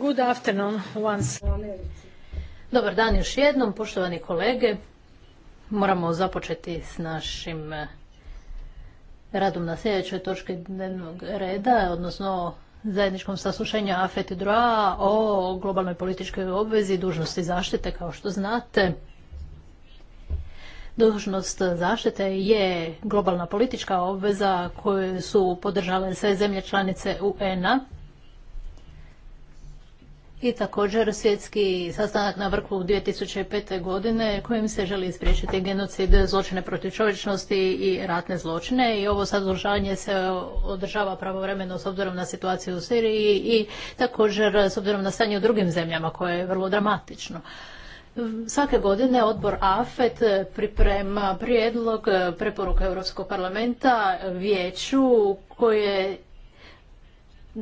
Good afternoon once. Dobar dan još jednom, poštovani kolege. Moramo započeti s našim eh, radom na sljedećoj točki dnevnog reda, odnosno zajedničkom saslušanju AFET DROA o globalnoj političkoj obvezi i dužnosti zaštite, kao što znate. Dužnost zaštite je globalna politička obveza koju su podržale sve zemlje članice UN-a i također svjetski sastanak na vrhu 2005. godine kojim se želi spriječiti genocid, zločine protiv čovječnosti i ratne zločine i ovo sadržanje se održava pravovremeno s obzirom na situaciju u Siriji i također s obzirom na stanje u drugim zemljama koje je vrlo dramatično. Svake godine odbor AFET priprema prijedlog preporuka Europskog parlamenta vijeću koje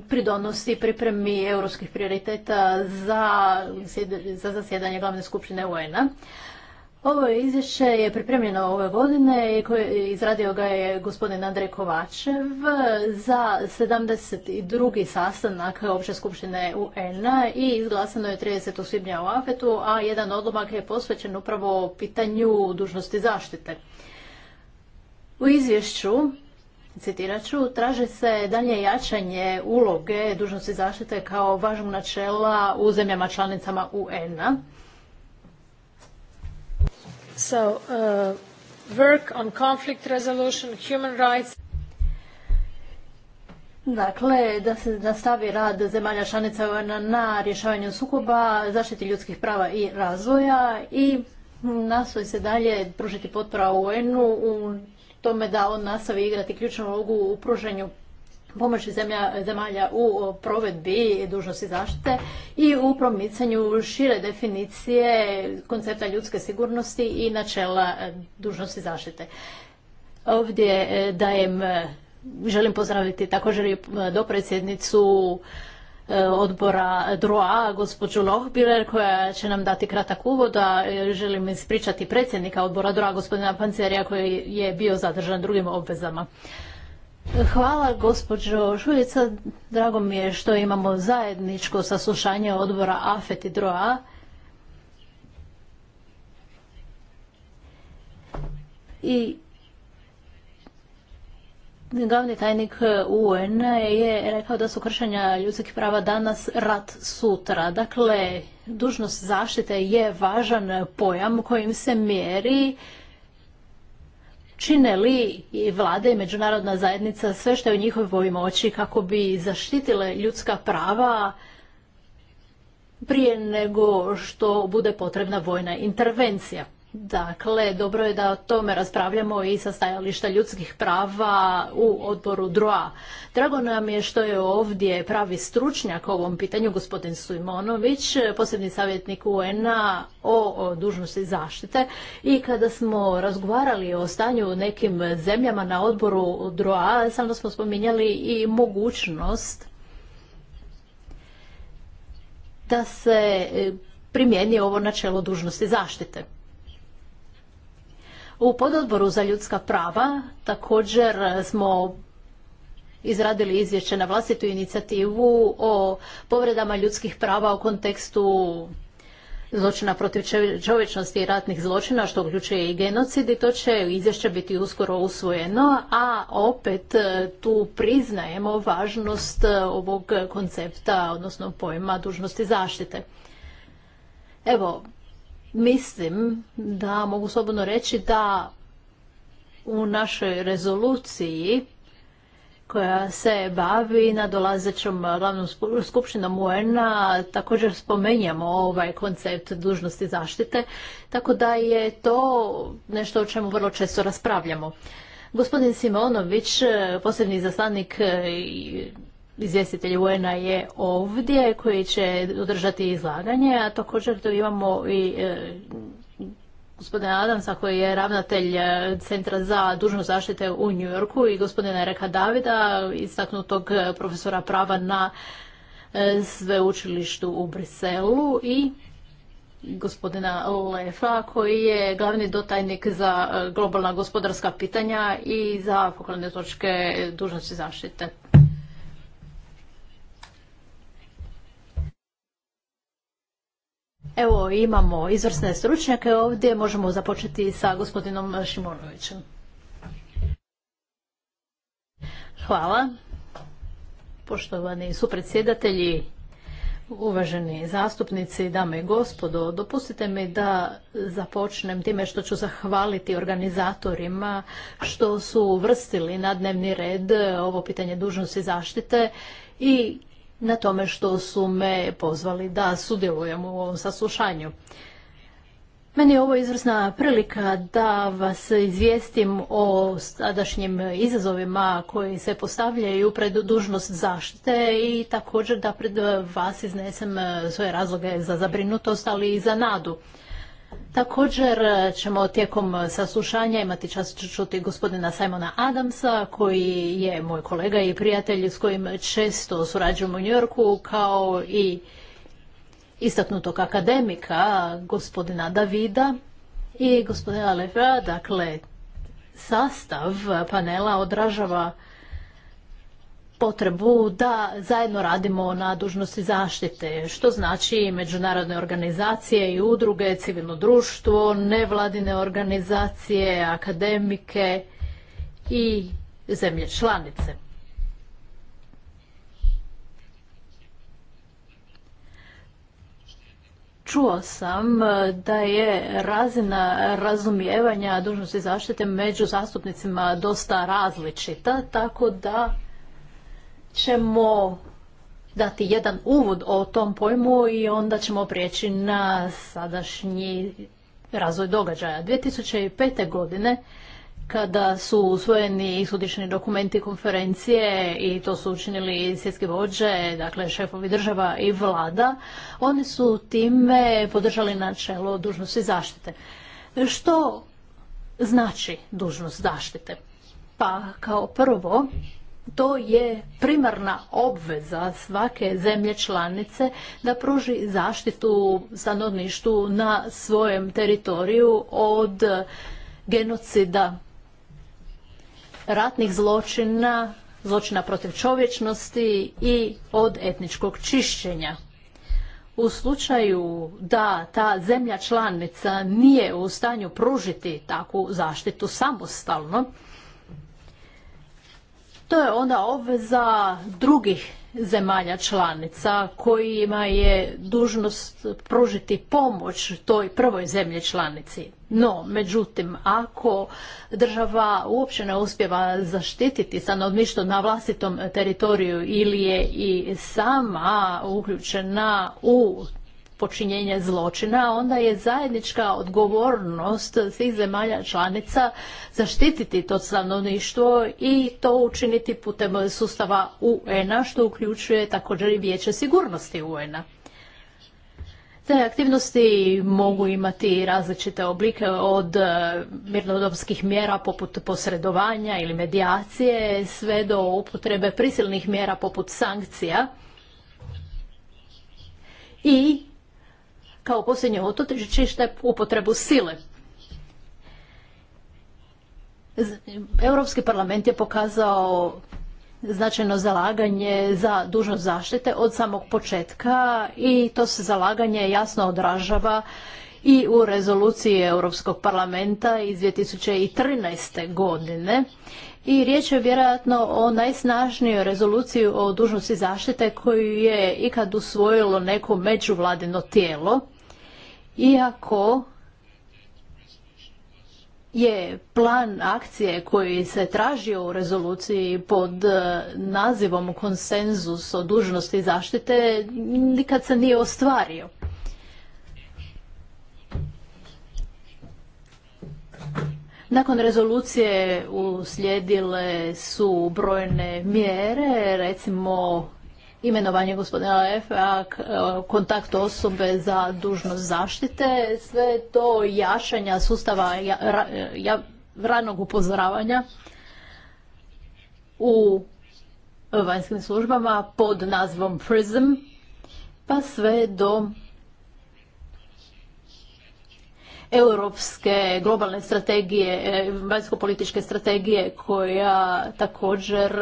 pridonosti pripremi europskih prioriteta za, zasjedanje glavne skupštine UN-a. Ovo izvješće je pripremljeno ove godine i izradio ga je gospodin Andrej Kovačev za 72. sastanak Opće skupštine UN-a i izglasano je 30. svibnja u Afetu, a jedan odlomak je posvećen upravo pitanju dužnosti zaštite. U izvješću Citirat ću, traži se dalje jačanje uloge dužnosti zaštite kao važnog načela u zemljama članicama UN-a. So, uh, work on conflict resolution, human rights. Dakle, da se nastavi rad zemalja članica UN-a na rješavanju sukoba, zaštiti ljudskih prava i razvoja i nastoji se dalje pružiti potpora UN-u u tome da on nastavi igrati ključnu ulogu u pruženju pomoći zemlja, zemalja u provedbi dužnosti zaštite i u promicanju šire definicije koncepta ljudske sigurnosti i načela e, dužnosti zaštite. Ovdje e, dajem, e, želim pozdraviti također i dopredsjednicu E, odbora DROA, gospođu Lohbiler, koja će nam dati kratak uvod, a e, želim ispričati predsjednika odbora DROA, gospodina Pancerija, koji je bio zadržan drugim obvezama. Hvala gospođo Šuljica, drago mi je što imamo zajedničko saslušanje odbora AFET i DROA. I Glavni tajnik e, UN je rekao da su kršenja ljudskih prava danas rat sutra. Dakle, dužnost zaštite je važan pojam kojim se mjeri čine li i vlade i međunarodna zajednica sve što je u njihovoj moći kako bi zaštitile ljudska prava prije nego što bude potrebna vojna intervencija. Dakle, dobro je da o tome raspravljamo i sa stajališta ljudskih prava u odboru DROA. Drago nam je što je ovdje pravi stručnjak o ovom pitanju, gospodin Sujmonović, posebni savjetnik UN-a o dužnosti zaštite. I kada smo razgovarali o stanju u nekim zemljama na odboru DROA, samo smo spominjali i mogućnost da se e, primjeni ovo načelo dužnosti zaštite. U pododboru za ljudska prava također smo izradili izvješće na vlastitu inicijativu o povredama ljudskih prava u kontekstu zločina protiv čovječnosti i ratnih zločina, što uključuje i genocid i to će izvješće biti uskoro usvojeno, a opet e, tu priznajemo važnost e, ovog koncepta, odnosno pojma dužnosti zaštite. Evo, mislim da mogu slobodno reći da u našoj rezoluciji koja se bavi nadolazećom glavnom skupštinom UN-a također spomenjamo ovaj koncept dužnosti zaštite, tako da je to nešto o čemu vrlo često raspravljamo. Gospodin Simonović, posebni zastanik izvjestitelj UN-a je ovdje koji će održati izlaganje, a također tu imamo i e, gospodina Adamsa koji je ravnatelj e, Centra za dužnu zaštite u New Yorku i gospodina Reka Davida, istaknutog profesora prava na e, sveučilištu u Briselu i gospodina Lefa koji je glavni dotajnik za globalna gospodarska pitanja i za pokladne točke dužnosti zaštite. Evo, imamo izvrsne stručnjake ovdje. Možemo započeti sa gospodinom Šimonovićem. Hvala. Poštovani supredsjedatelji, uvaženi zastupnici, dame i gospodo, dopustite mi da započnem time što ću zahvaliti organizatorima što su uvrstili na dnevni red ovo pitanje dužnosti zaštite i na tome što su me pozvali da sudjelujem u ovom saslušanju. Meni je ovo izvrsna prilika da vas izvijestim o sadašnjim izazovima koji se postavljaju pred dužnost zaštite i također da pred vas iznesem svoje razloge za zabrinutost, ali i za nadu. Također e, ćemo tijekom e, saslušanja imati čast čuti gospodina Simona Adamsa koji je moj kolega i prijatelj s kojim često surađujem u Njorku kao i istaknutog akademika gospodina Davida i gospodina Leva. Dakle, sastav panela odražava potrebu da zajedno radimo na dužnosti zaštite, što znači i međunarodne organizacije i udruge, civilno društvo, nevladine organizacije, akademike i zemlje članice. Čuo sam da je razina razumijevanja dužnosti zaštite među zastupnicima dosta različita, tako da ćemo dati jedan uvod o tom pojmu i onda ćemo prijeći na sadašnji razvoj događaja. 2005. godine kada su usvojeni sudišni dokumenti konferencije i to su učinili svjetske vođe, dakle šefovi država i vlada, oni su time podržali načelo dužnosti zaštite. Što znači dužnost zaštite? Pa kao prvo, to je primarna obveza svake zemlje članice da pruži zaštitu stanovništvu na svojem teritoriju od genocida, ratnih zločina, zločina protiv čovječnosti i od etničkog čišćenja. U slučaju da ta zemlja članica nije u stanju pružiti takvu zaštitu samostalno, to je onda obveza drugih zemalja članica kojima je dužnost pružiti pomoć toj prvoj zemlji članici. No, međutim, ako država uopće ne uspjeva zaštititi stanovništvo na vlastitom teritoriju ili je i sama uključena u počinjenje zločina, onda je zajednička odgovornost svih zemalja članica zaštititi to stanovništvo i to učiniti putem sustava UN-a, što uključuje također i Vijeće sigurnosti UN-a. Te aktivnosti mogu imati različite oblike od e, mirnodopskih mjera poput posredovanja ili medijacije sve do upotrebe prisilnih mjera poput sankcija i kao posljednje otočište upotrebu sile. Europski parlament je pokazao značajno zalaganje za dužnost zaštite od samog početka i to se zalaganje jasno odražava i u rezoluciji Europskog parlamenta iz 2013. godine i riječ je vjerojatno o najsnažnijoj rezoluciji o dužnosti zaštite koju je ikad usvojilo neko međuvladino tijelo iako je plan akcije koji se tražio u rezoluciji pod e, nazivom konsenzus o dužnosti zaštite nikad se nije ostvario. Nakon rezolucije uslijedile su brojne mjere, recimo imenovanje gospodina Lefa, e, kontakt osobe za dužnost zaštite, sve to jašanja sustava e, ranog upozoravanja u vanjskim službama pod nazvom PRISM, pa sve do europske globalne strategije, e, vanjsko-političke strategije koja također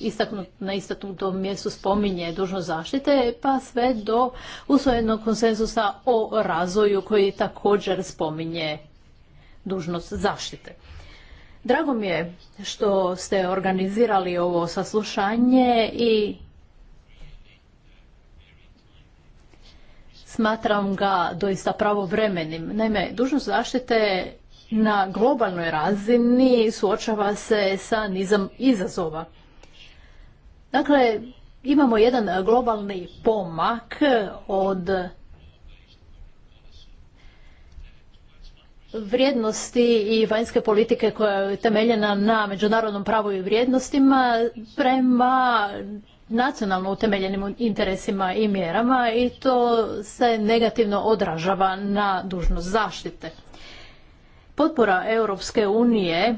istaknut, na istaknutom mjestu spominje dužnost zaštite, pa sve do usvojenog konsenzusa o razvoju koji također spominje dužnost zaštite. Drago mi je što ste organizirali ovo saslušanje i smatram ga doista pravovremenim. Naime, dužnost zaštite na globalnoj razini suočava se sa nizom izazova. Dakle, imamo jedan globalni pomak od vrijednosti i vanjske politike koja je temeljena na međunarodnom pravu i vrijednostima prema nacionalno utemeljenim interesima i mjerama i to se negativno odražava na dužnost zaštite. Potpora Europske unije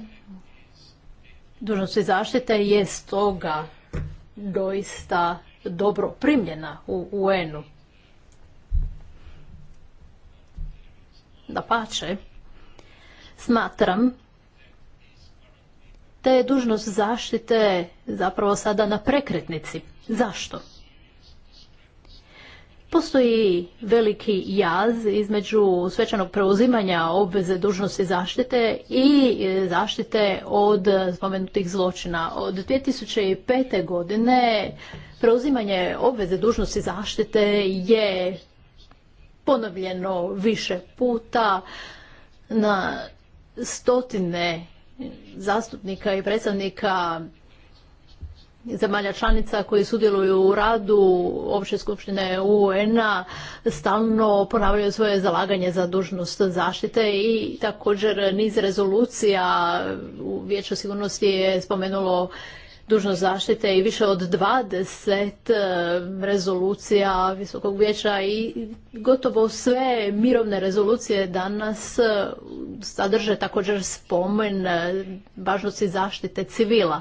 dužnosti zaštite je stoga doista dobro primljena u UN-u. Da pače, smatram da je dužnost zaštite zapravo sada na prekretnici. Zašto? Postoji veliki jaz između svečanog preuzimanja obveze dužnosti zaštite i e, zaštite od spomenutih zločina. Od 2005. godine preuzimanje obveze dužnosti zaštite je ponovljeno više puta na stotine zastupnika i predstavnika zemalja članica koji sudjeluju u radu Opće skupštine UN-a stalno ponavljaju svoje zalaganje za dužnost zaštite i također niz rezolucija u Vijeću sigurnosti je spomenulo dužnost zaštite i više od 20 e, rezolucija Visokog vijeća i gotovo sve mirovne rezolucije danas e, sadrže također spomen važnosti zaštite civila.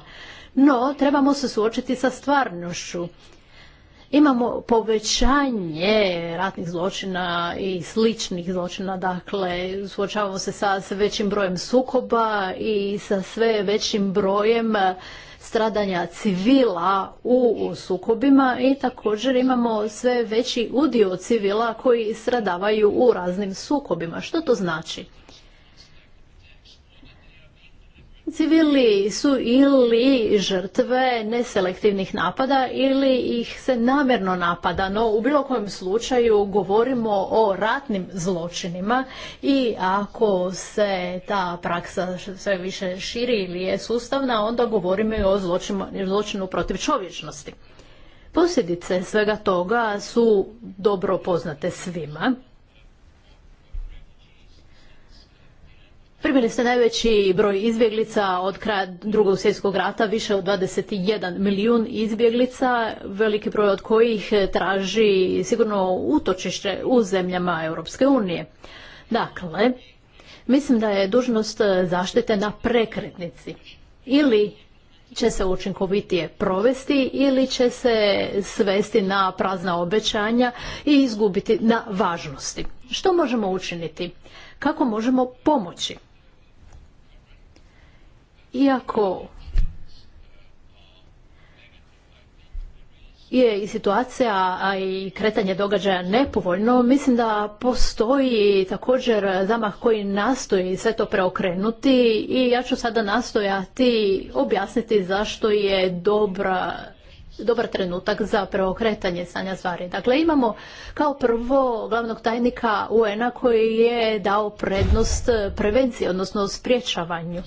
No, trebamo se suočiti sa stvarnošću. Imamo povećanje ratnih zločina i sličnih zločina, dakle suočavamo se sa sve većim brojem sukoba i sa sve većim brojem stradanja civila u sukobima i također imamo sve veći udio civila koji stradavaju u raznim sukobima. Što to znači? Civili su ili žrtve neselektivnih napada ili ih se namjerno napada, no u bilo kojem slučaju govorimo o ratnim zločinima i ako se ta praksa sve više širi ili je sustavna, onda govorimo i o zločinu protiv čovječnosti. Posljedice svega toga su dobro poznate svima Primili ste najveći broj izbjeglica od kraja drugog svjetskog rata, više od 21 milijun izbjeglica, veliki broj od kojih traži sigurno utočište u zemljama Europske unije. Dakle, mislim da je dužnost zaštite na prekretnici. Ili će se učinkovitije provesti ili će se svesti na prazna obećanja i izgubiti na važnosti. Što možemo učiniti? Kako možemo pomoći? Iako je i situacija, a i kretanje događaja nepovoljno, mislim da postoji također zamah koji nastoji sve to preokrenuti i ja ću sada nastojati objasniti zašto je dobra dobar trenutak za preokretanje stanja stvari. Dakle, imamo kao prvo glavnog tajnika UN-a koji je dao prednost prevenciji, odnosno spriječavanju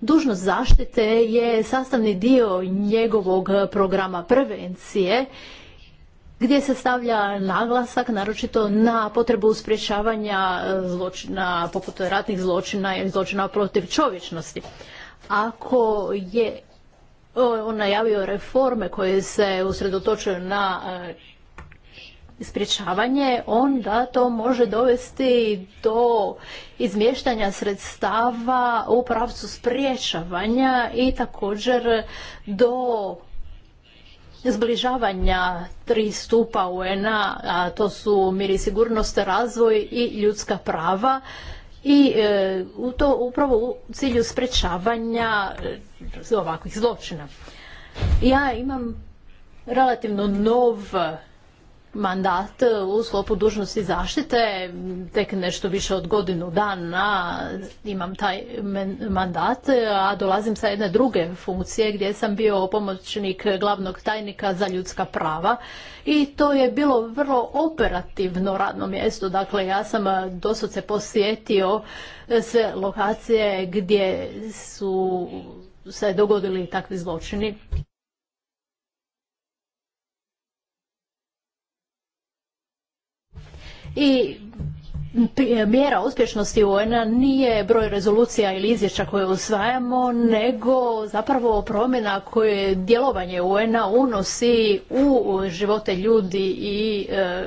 dužnost zaštite je sastavni dio njegovog programa prevencije gdje se stavlja naglasak naročito na potrebu sprječavanja e, zločina poput ratnih zločina i zločina protiv čovječnosti. Ako je on najavio reforme koje se usredotočuju na e, sprječavanje, onda to može dovesti do izmještanja sredstava u pravcu sprječavanja i također do zbližavanja tri stupa UN-a, a to su mir i sigurnost, razvoj i ljudska prava i e, u to upravo u cilju sprečavanja e, ovakvih zločina. Ja imam relativno nov mandat e, u sklopu dužnosti zaštite, tek nešto više od godinu dana imam taj mandat, a dolazim sa jedne druge funkcije gdje sam bio pomoćnik glavnog tajnika za ljudska prava i to je bilo vrlo operativno radno mjesto. Dakle, ja sam se posjetio e, sve lokacije gdje su se dogodili takvi zločini. i mjera uspješnosti UN-a nije broj rezolucija ili izvješća koje usvajamo, nego zapravo promjena koje djelovanje UN-a unosi u živote ljudi i e,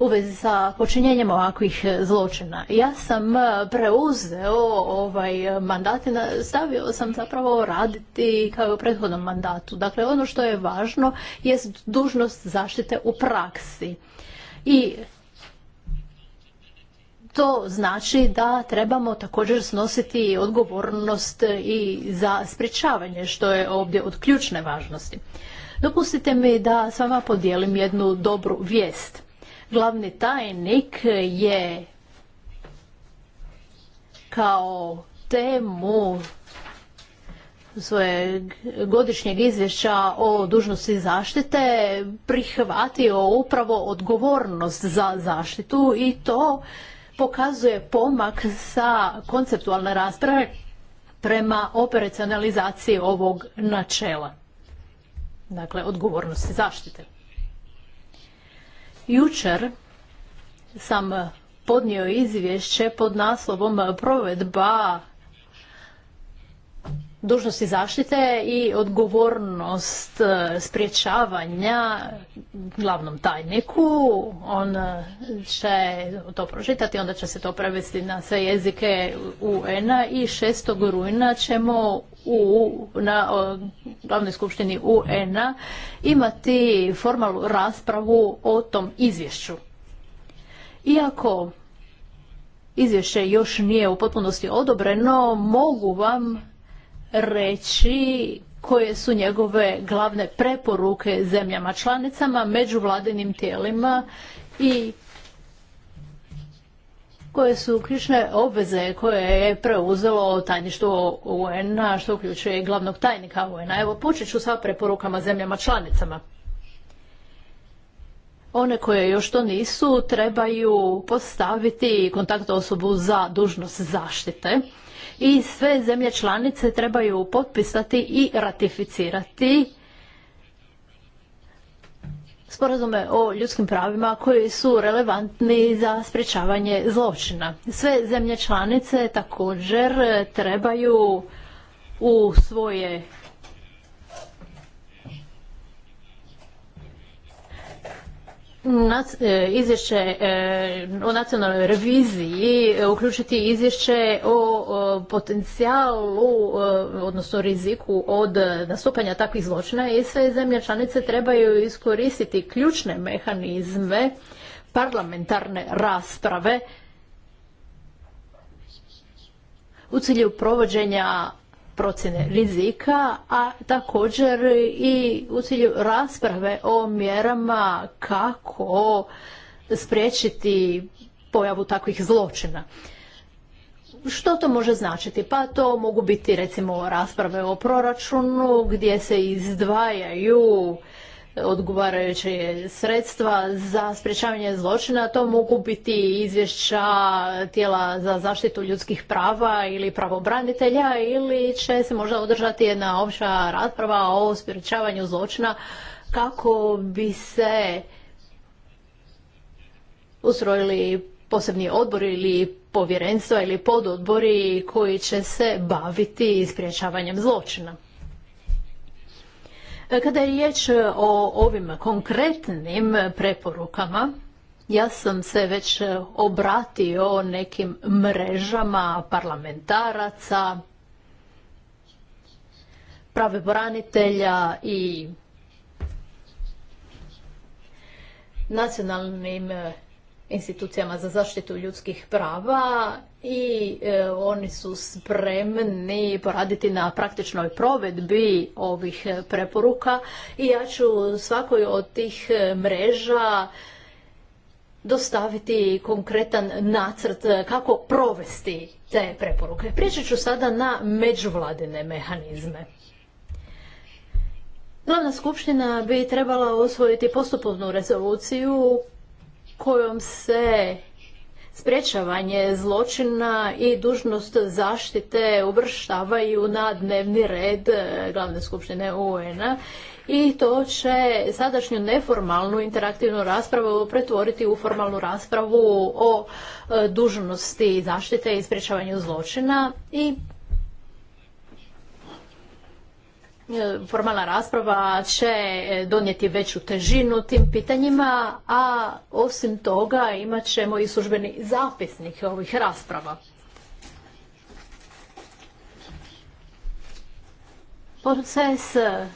u vezi sa počinjenjem ovakvih zločina. Ja sam e, preuzeo ovaj mandat i stavio sam zapravo raditi kao i u prethodnom mandatu. Dakle, ono što je važno je dužnost zaštite u praksi. I to znači da trebamo također snositi odgovornost i za sprječavanje, što je ovdje od ključne važnosti. Dopustite mi da s vama podijelim jednu dobru vijest. Glavni tajnik je kao temu svojeg godišnjeg izvješća o dužnosti zaštite prihvatio upravo odgovornost za zaštitu i to pokazuje pomak sa konceptualne rasprave prema operacionalizaciji ovog načela. Dakle, odgovornosti zaštite. Jučer sam podnio izvješće pod naslovom Provedba dužnosti zaštite i odgovornost e, spriječavanja glavnom tajniku. On e, će to pročitati, onda će se to prevesti na sve jezike UN-a i 6. rujna ćemo u, na glavnoj skupštini UN-a imati formalnu raspravu o tom izvješću. Iako izvješće još nije u potpunosti odobreno, mogu vam reći koje su njegove glavne preporuke zemljama članicama, međuvladinim tijelima i koje su ključne obveze koje je preuzelo tajništvo UN-a, što uključuje i glavnog tajnika UN-a. Evo, počet ću sa preporukama zemljama članicama. One koje još to nisu trebaju postaviti kontakt osobu za dužnost zaštite i sve zemlje članice trebaju potpisati i ratificirati sporazume o ljudskim pravima koji su relevantni za sprječavanje zločina. Sve zemlje članice također trebaju u svoje E, izvješće e, o nacionalnoj reviziji e, uključiti izvješće o potencijalu, odnosno riziku od nastupanja takvih zločina i sve zemlje članice trebaju iskoristiti ključne mehanizme parlamentarne rasprave u cilju provođenja procjene rizika, a također i u cilju rasprave o mjerama kako spriječiti pojavu takvih zločina. Što to može značiti? Pa to mogu biti recimo rasprave o proračunu gdje se izdvajaju odgovarajuće sredstva za sprječavanje zločina. To mogu biti izvješća tijela za zaštitu ljudskih prava ili pravobranitelja ili će se možda održati jedna opća rasprava o sprječavanju zločina kako bi se ustrojili posebni odbor ili povjerenstva ili pododbori koji će se baviti sprječavanjem zločina. E, kada je riječ e, o ovim konkretnim preporukama, ja sam se već e, obratio nekim mrežama parlamentaraca, prave branitelja i nacionalnim institucijama za zaštitu ljudskih prava i e, oni su spremni poraditi na praktičnoj provedbi ovih e, preporuka i ja ću svakoj od tih e, mreža dostaviti konkretan nacrt kako provesti te preporuke. Prijeći ću sada na međuvladine mehanizme. Glavna skupština bi trebala usvojiti postupovnu rezoluciju kojom se sprečavanje zločina i dužnost zaštite uvrštavaju na dnevni red e, glavne skupštine UN-a i to će sadašnju neformalnu interaktivnu raspravu pretvoriti u formalnu raspravu o e, dužnosti zaštite i sprečavanju zločina i E, formalna rasprava će e, donijeti veću težinu tim pitanjima, a osim toga imat ćemo i službeni zapisnik ovih rasprava. Proces e,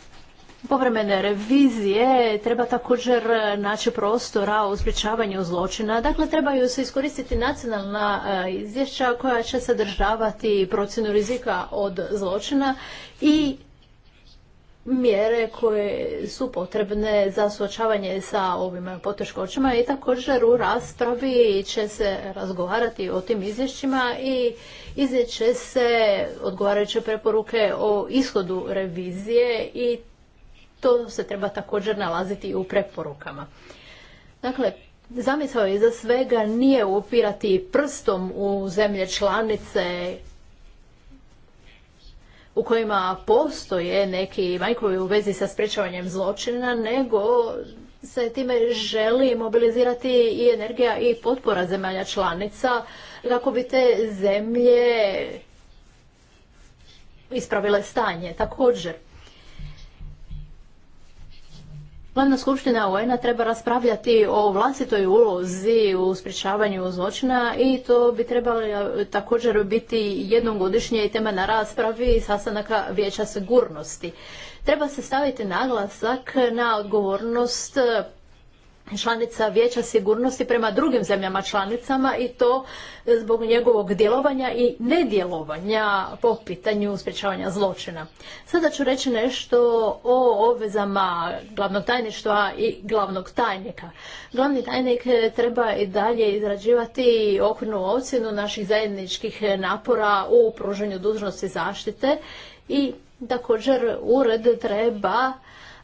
povremene revizije treba također naći prostora u sprječavanju zločina. Dakle, trebaju se iskoristiti nacionalna izvješća koja će sadržavati procjenu rizika od zločina i mjere koje su potrebne za suočavanje sa ovim poteškoćama i također u raspravi će se razgovarati o tim izvješćima i izvjeće se odgovarajuće preporuke o ishodu revizije i to se treba također nalaziti u preporukama. Dakle, zamisao iza svega nije upirati prstom u zemlje članice u kojima postoje neki majkovi u vezi sa sprečavanjem zločina, nego se time želi mobilizirati i energija i potpora zemalja članica kako bi te zemlje ispravile stanje. Također, Glavna skupština UN-a treba raspravljati o vlastitoj ulozi u sprječavanju zločina i to bi trebalo eh, također biti jednom godišnje i tema na raspravi sastanaka vijeća sigurnosti. Treba se staviti naglasak na odgovornost članica Vijeća sigurnosti prema drugim zemljama članicama i to e, zbog njegovog djelovanja i nedjelovanja po pitanju sprječavanja zločina. Sada ću reći nešto o obvezama glavnog tajništva i glavnog tajnika. Glavni tajnik e, treba i dalje izrađivati okvirnu ocjenu naših zajedničkih napora u pružanju dužnosti zaštite i također ured treba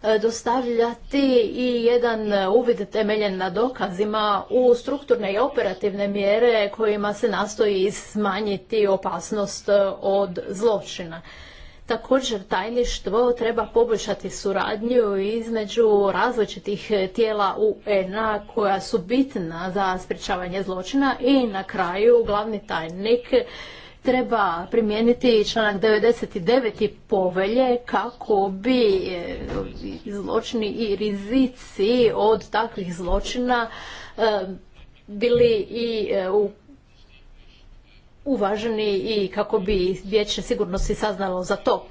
E, dostavljati i jedan uvid temeljen na dokazima u strukturne i operativne mjere kojima se nastoji smanjiti opasnost e, od zločina. Također tajništvo treba poboljšati suradnju između različitih tijela UNA koja su bitna za sprječavanje zločina i na kraju glavni tajnik treba primijeniti članak 99. povelje kako bi e, zločini i rizici od takvih zločina e, bili i e, uvaženi i kako bi vijeće sigurnosti saznalo za to.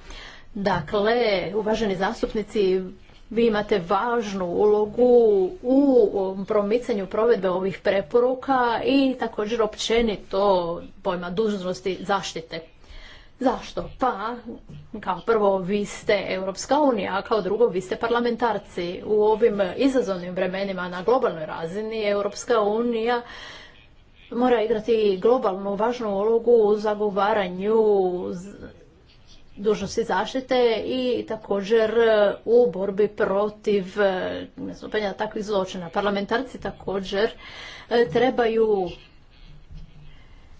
Dakle, uvaženi zastupnici, vi imate važnu ulogu u promicanju provedbe ovih preporuka i također općenito pojma dužnosti zaštite. Zašto? Pa, kao prvo, vi ste Europska unija, a kao drugo, vi ste parlamentarci. U ovim izazovnim vremenima na globalnoj razini Europska unija mora igrati globalnu važnu ulogu u zagovaranju dužnosti zaštite i također e, u borbi protiv e, nastupanja takvih zločina. Parlamentarci također e, trebaju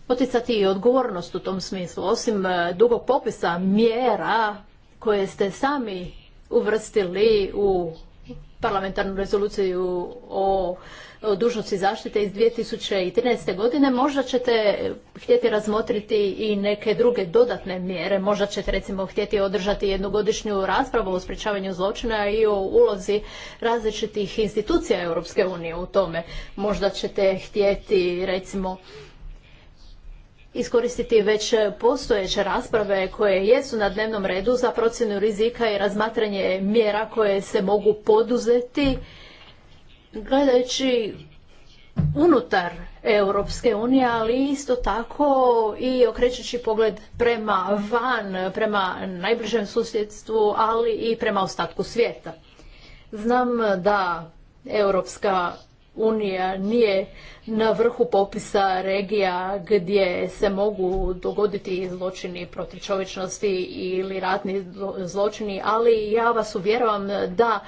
poticati i odgovornost u tom smislu. Osim dugog popisa mjera koje ste sami uvrstili u parlamentarnu rezoluciju o, dužnosti zaštite iz 2013. godine, možda ćete htjeti razmotriti i neke druge dodatne mjere. Možda ćete recimo htjeti održati jednogodišnju raspravu o sprječavanju zločina i o ulozi različitih institucija Europske unije u tome. Možda ćete htjeti recimo iskoristiti već postojeće rasprave koje jesu na dnevnom redu za procjenu rizika i razmatranje mjera koje se mogu poduzeti gledajući unutar Europske unije, ali isto tako i okrećući pogled prema van, prema najbližem susjedstvu, ali i prema ostatku svijeta. Znam da Europska unija nije na vrhu popisa regija gdje se mogu dogoditi zločini protiv čovječnosti ili ratni zločini, ali ja vas uvjeravam da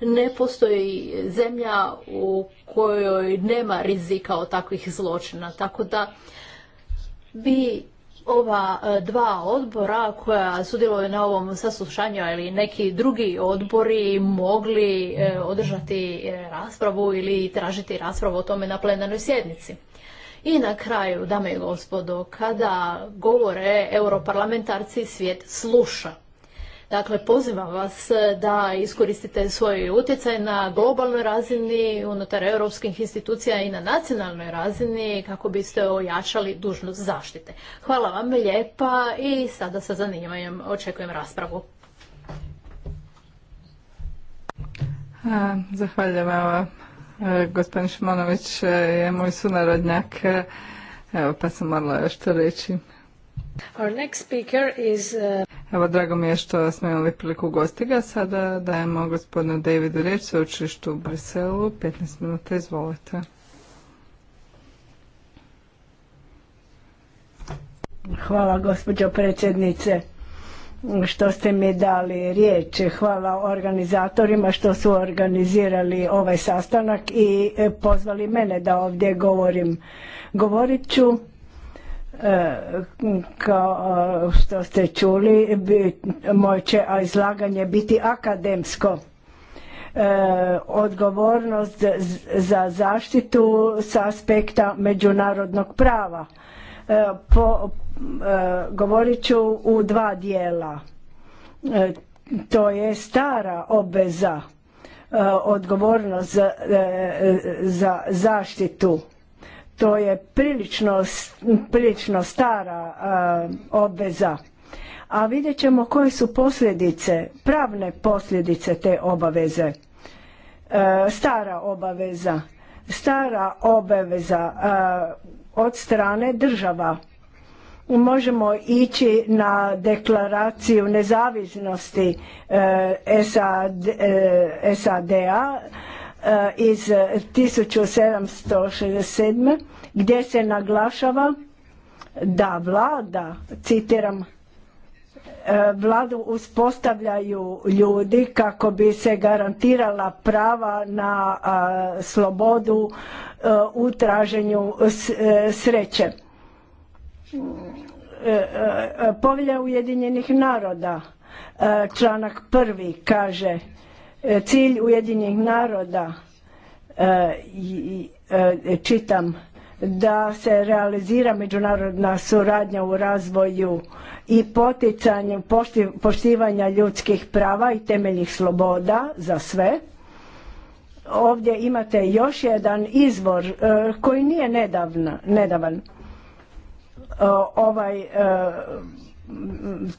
ne postoji zemlja u kojoj nema rizika od takvih zločina. Tako da vi ova e, dva odbora koja sudjeluju na ovom saslušanju ili neki drugi odbori mogli e, održati e, raspravu ili tražiti raspravu o tome na plenarnoj sjednici. I na kraju, dame i gospodo, kada govore europarlamentarci, svijet sluša. Dakle, pozivam vas e, da iskoristite svoj utjecaj na globalnoj razini, unutar europskih institucija i na nacionalnoj razini kako biste ojačali dužnost zaštite. Hvala vam lijepa i sada sa zanimanjem očekujem raspravu. Zahvaljujem vam. E, gospodin Šimonović e, je moj sunarodnjak, evo pa sam morala još to reći. Our next speaker is, uh, Evo, drago mi je što smo imali priliku gostiga. Sada dajemo gospodinu Davidu riječ sa u Briselu. 15 minuta, izvolite. Hvala gospođo predsjednice što ste mi dali riječ. Hvala organizatorima što su organizirali ovaj sastanak i pozvali mene da ovdje govorim. Govorit ću E, kao e, što ste čuli moje će izlaganje biti akademsko e, odgovornost za zaštitu sa aspekta međunarodnog prava govorit ću u dva dijela to je stara obveza odgovornost za zaštitu to je prilično, prilično stara obveza. A vidjet ćemo koje su posljedice, pravne posljedice te obaveze. E, stara obaveza. Stara obaveza od strane država. Možemo ići na deklaraciju nezavisnosti e, SAD-a, Eh, iz 1767. Eh, gdje se naglašava da vlada, citiram, eh, vladu uspostavljaju ljudi kako bi se garantirala prava na slobodu u traženju sreće. Povelja Ujedinjenih naroda članak prvi kaže E, cilj Ujedinjenih naroda e, e, čitam da se realizira međunarodna suradnja u razvoju i poticanju poštivanja ljudskih prava i temeljnih sloboda za sve. Ovdje imate još jedan izvor koji nije nedavan. Ovaj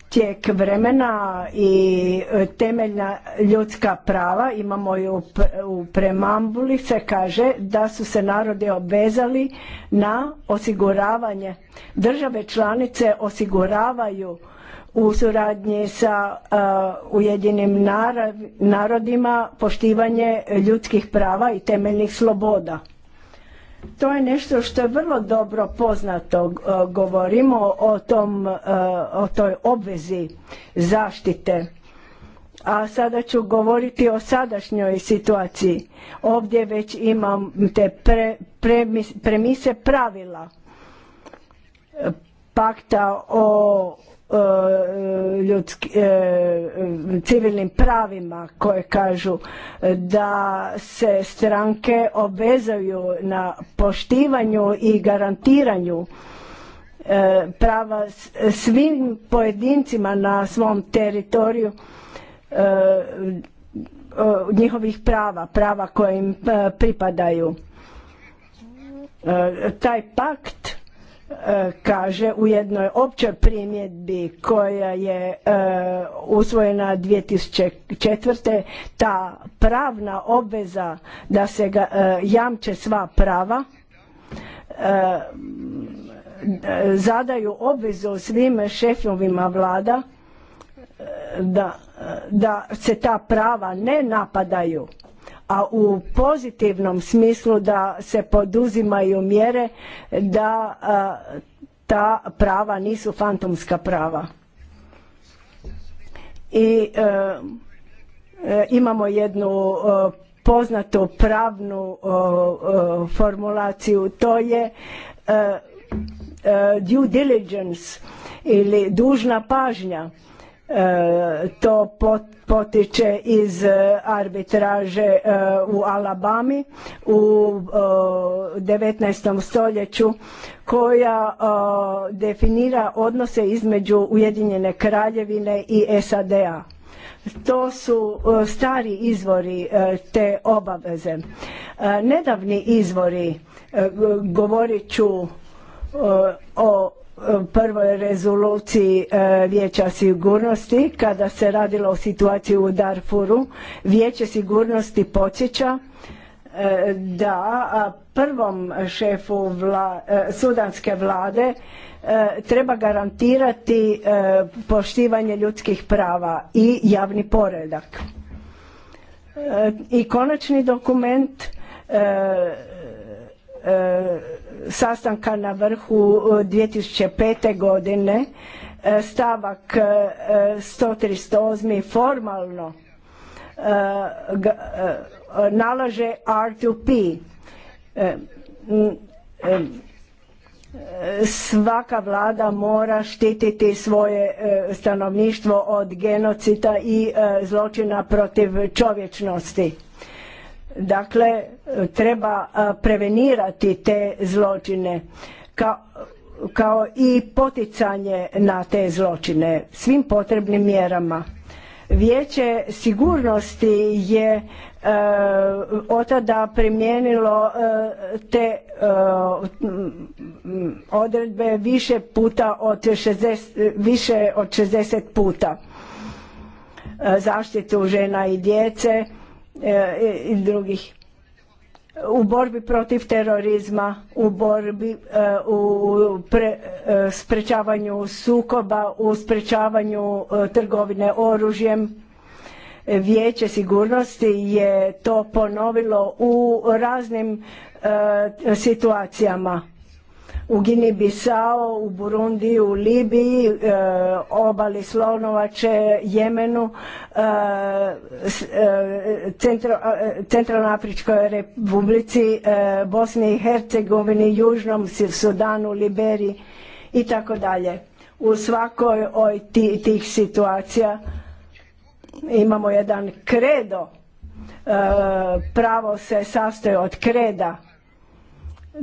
tijek vremena i temeljna ljudska prava imamo i u premambuli se kaže da su se narodi obvezali na osiguravanje države članice osiguravaju u suradnji sa uh, Ujedinim narodima poštivanje ljudskih prava i temeljnih sloboda to je nešto što je vrlo dobro poznato. E, govorimo o, tom, e, o toj obvezi zaštite. A sada ću govoriti o sadašnjoj situaciji. Ovdje već imam te pre, premise pravila pakta o E, ljudski, e, civilnim pravima koje kažu da se stranke obvezaju na poštivanju i garantiranju e, prava svim pojedincima na svom teritoriju njihovih prava, prava koje im pripadaju. Taj pakt E, kaže u jednoj općoj primjedbi koja je e, usvojena 2004. ta pravna obveza da se e, jamče sva prava zadaju obvezu svim šefovima vlada da, da se ta prava ne napadaju a u pozitivnom smislu da se poduzimaju mjere da ta prava nisu fantomska prava. I e, e, imamo jednu e, poznatu pravnu formulaciju, to je due diligence ili dužna pažnja E, to potiče iz e, arbitraže e, u Alabami u 19. stoljeću koja definira odnose između Ujedinjene kraljevine i SAD-a. To su stari izvori te obaveze. Nedavni izvori, govorit ću o prvoj rezoluciji e, Vijeća sigurnosti kada se radilo o situaciji u Darfuru. Vijeće sigurnosti podsjeća e, da prvom šefu e, sudanske vlade treba garantirati poštivanje ljudskih prava i javni poredak. I konačni dokument sastanka na vrhu 2005. E, godine e, stavak 138. E, formalno nalaže R2P. Svaka vlada mora štititi svoje stanovništvo od genocida i zločina protiv čovječnosti Dakle, treba prevenirati te zločine kao, i poticanje na te zločine svim potrebnim mjerama. Vijeće sigurnosti je e, otada primijenilo te odredbe više puta od 60, više od 60 puta zaštitu žena i djece E, i drugih u borbi protiv terorizma, u borbi e, u e, sprečavanju sukoba, u sprečavanju trgovine oružjem. Vijeće sigurnosti je to ponovilo u raznim situacijama u Gini Bisao, u Burundiji, u Libiji, e, obali Slonovače, Jemenu, e, e, e Centralnoafričkoj republici, Bosni i Hercegovini, Južnom Sudanu, Liberiji i tako dalje. U svakoj od tih situacija imamo jedan kredo. Pravo se sastoji od kreda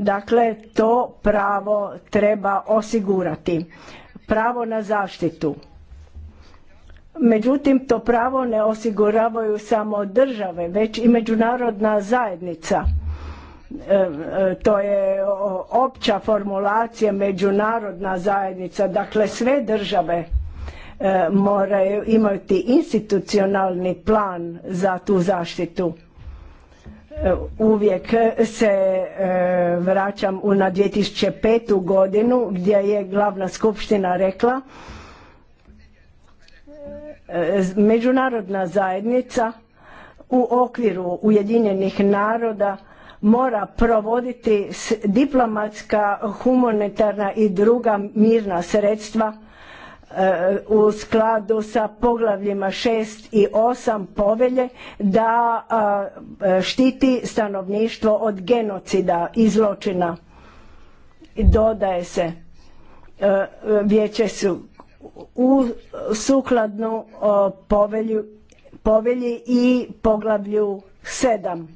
Dakle, to pravo treba osigurati. Pravo na zaštitu. Međutim, to pravo ne osiguravaju samo države, već i međunarodna zajednica. E, e, to je opća formulacija međunarodna zajednica, dakle sve države e, moraju imati institucionalni plan za tu zaštitu uvijek se e, vraćam na 2005. godinu gdje je glavna skupština rekla e, međunarodna zajednica u okviru Ujedinjenih naroda mora provoditi diplomatska, humanitarna i druga mirna sredstva Eh, u skladu sa poglavljima 6 i 8 povelje da eh, štiti stanovništvo od genocida i zločina. Dodaje se eh, vijeće su u sukladnu povelju, povelji i poglavlju 7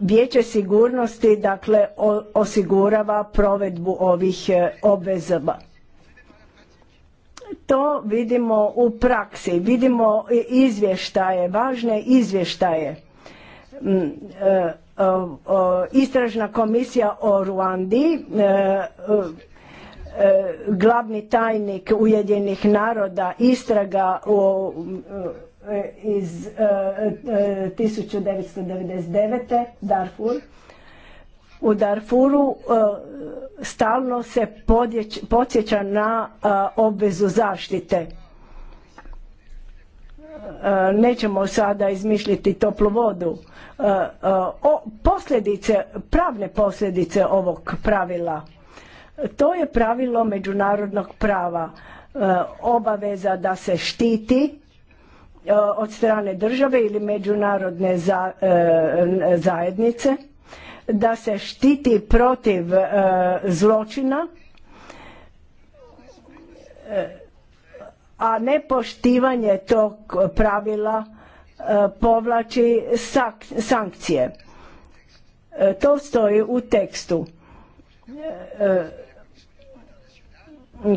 Vijeće sigurnosti dakle osigurava provedbu ovih e, obveza To vidimo u praksi, vidimo izvještaje, važne izvještaje. Mm, e, istražna komisija o Ruandi, e, glavni tajnik Ujedinjenih naroda, istraga o E, iz 1999. E, e, Darfur. U Darfuru stalno se podsjeća na obvezu zaštite. Nećemo sada izmišljiti toplu vodu. O, posljedice, pravne posljedice ovog pravila. To je pravilo međunarodnog prava. Obaveza da se štiti E, od strane države ili međunarodne e, zajednice da se štiti protiv e, zločina a nepoštivanje tog pravila povlači sankcije to stoji u tekstu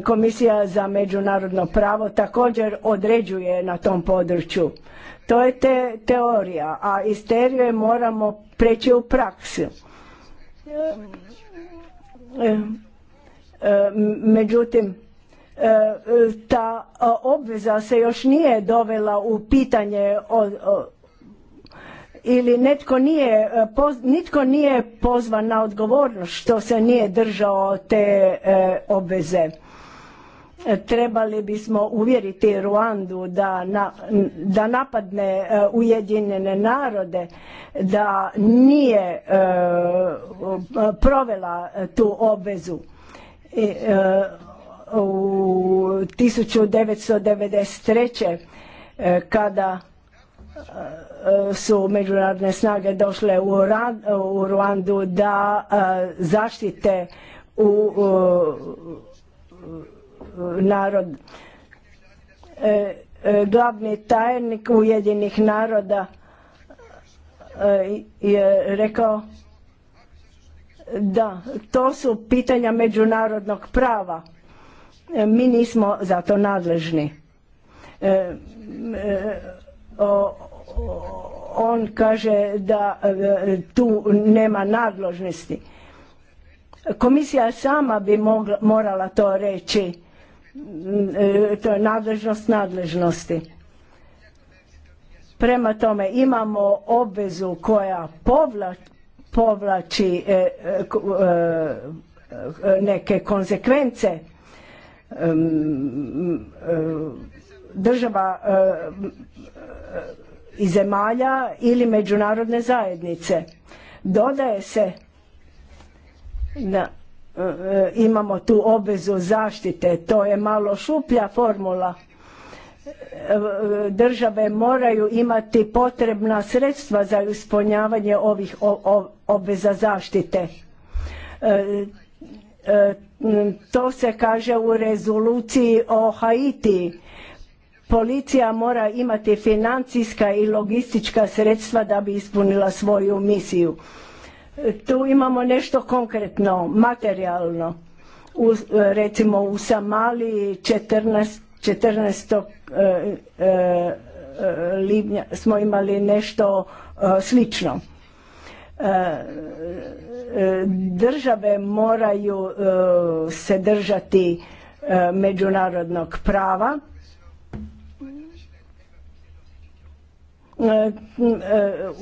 Komisija za međunarodno pravo također određuje na tom području. To je te teorija, a iz teorije moramo preći u praksu. E, e, međutim, e, ta obveza se još nije dovela u pitanje ili netko nije, nitko nije pozvan na odgovornost što se nije držao te obveze. Trebali bismo uvjeriti Ruandu da, napadne e, Ujedinjene narode da nije e, provela tu obvezu. E, e u 1993. kada su međunarodne snage došle u Ruandu da zaštite u narod. E, e, glavni tajnik Ujedinih naroda e, je rekao da to su pitanja međunarodnog prava. Mi nismo za to nadležni. On kaže da tu nema nadležnosti. Komisija sama bi morala to reći Mm, e, to je nadležnost nadležnosti. Prema tome imamo obvezu koja povlači e, e, neke konsekvence mm, država i zemalja ili međunarodne zajednice. Dodaje se na E, imamo tu obvezu zaštite, to je malo šuplja formula. E, države moraju imati potrebna sredstva za ispunjavanje ovih obveza zaštite. E, to se kaže u rezoluciji o Haiti Policija mora imati financijska i logistička sredstva da bi ispunila svoju misiju tu imamo nešto konkretno, materijalno. U, recimo u Samali 14. libnja smo imali nešto e, slično. E, e, države moraju se držati međunarodnog prava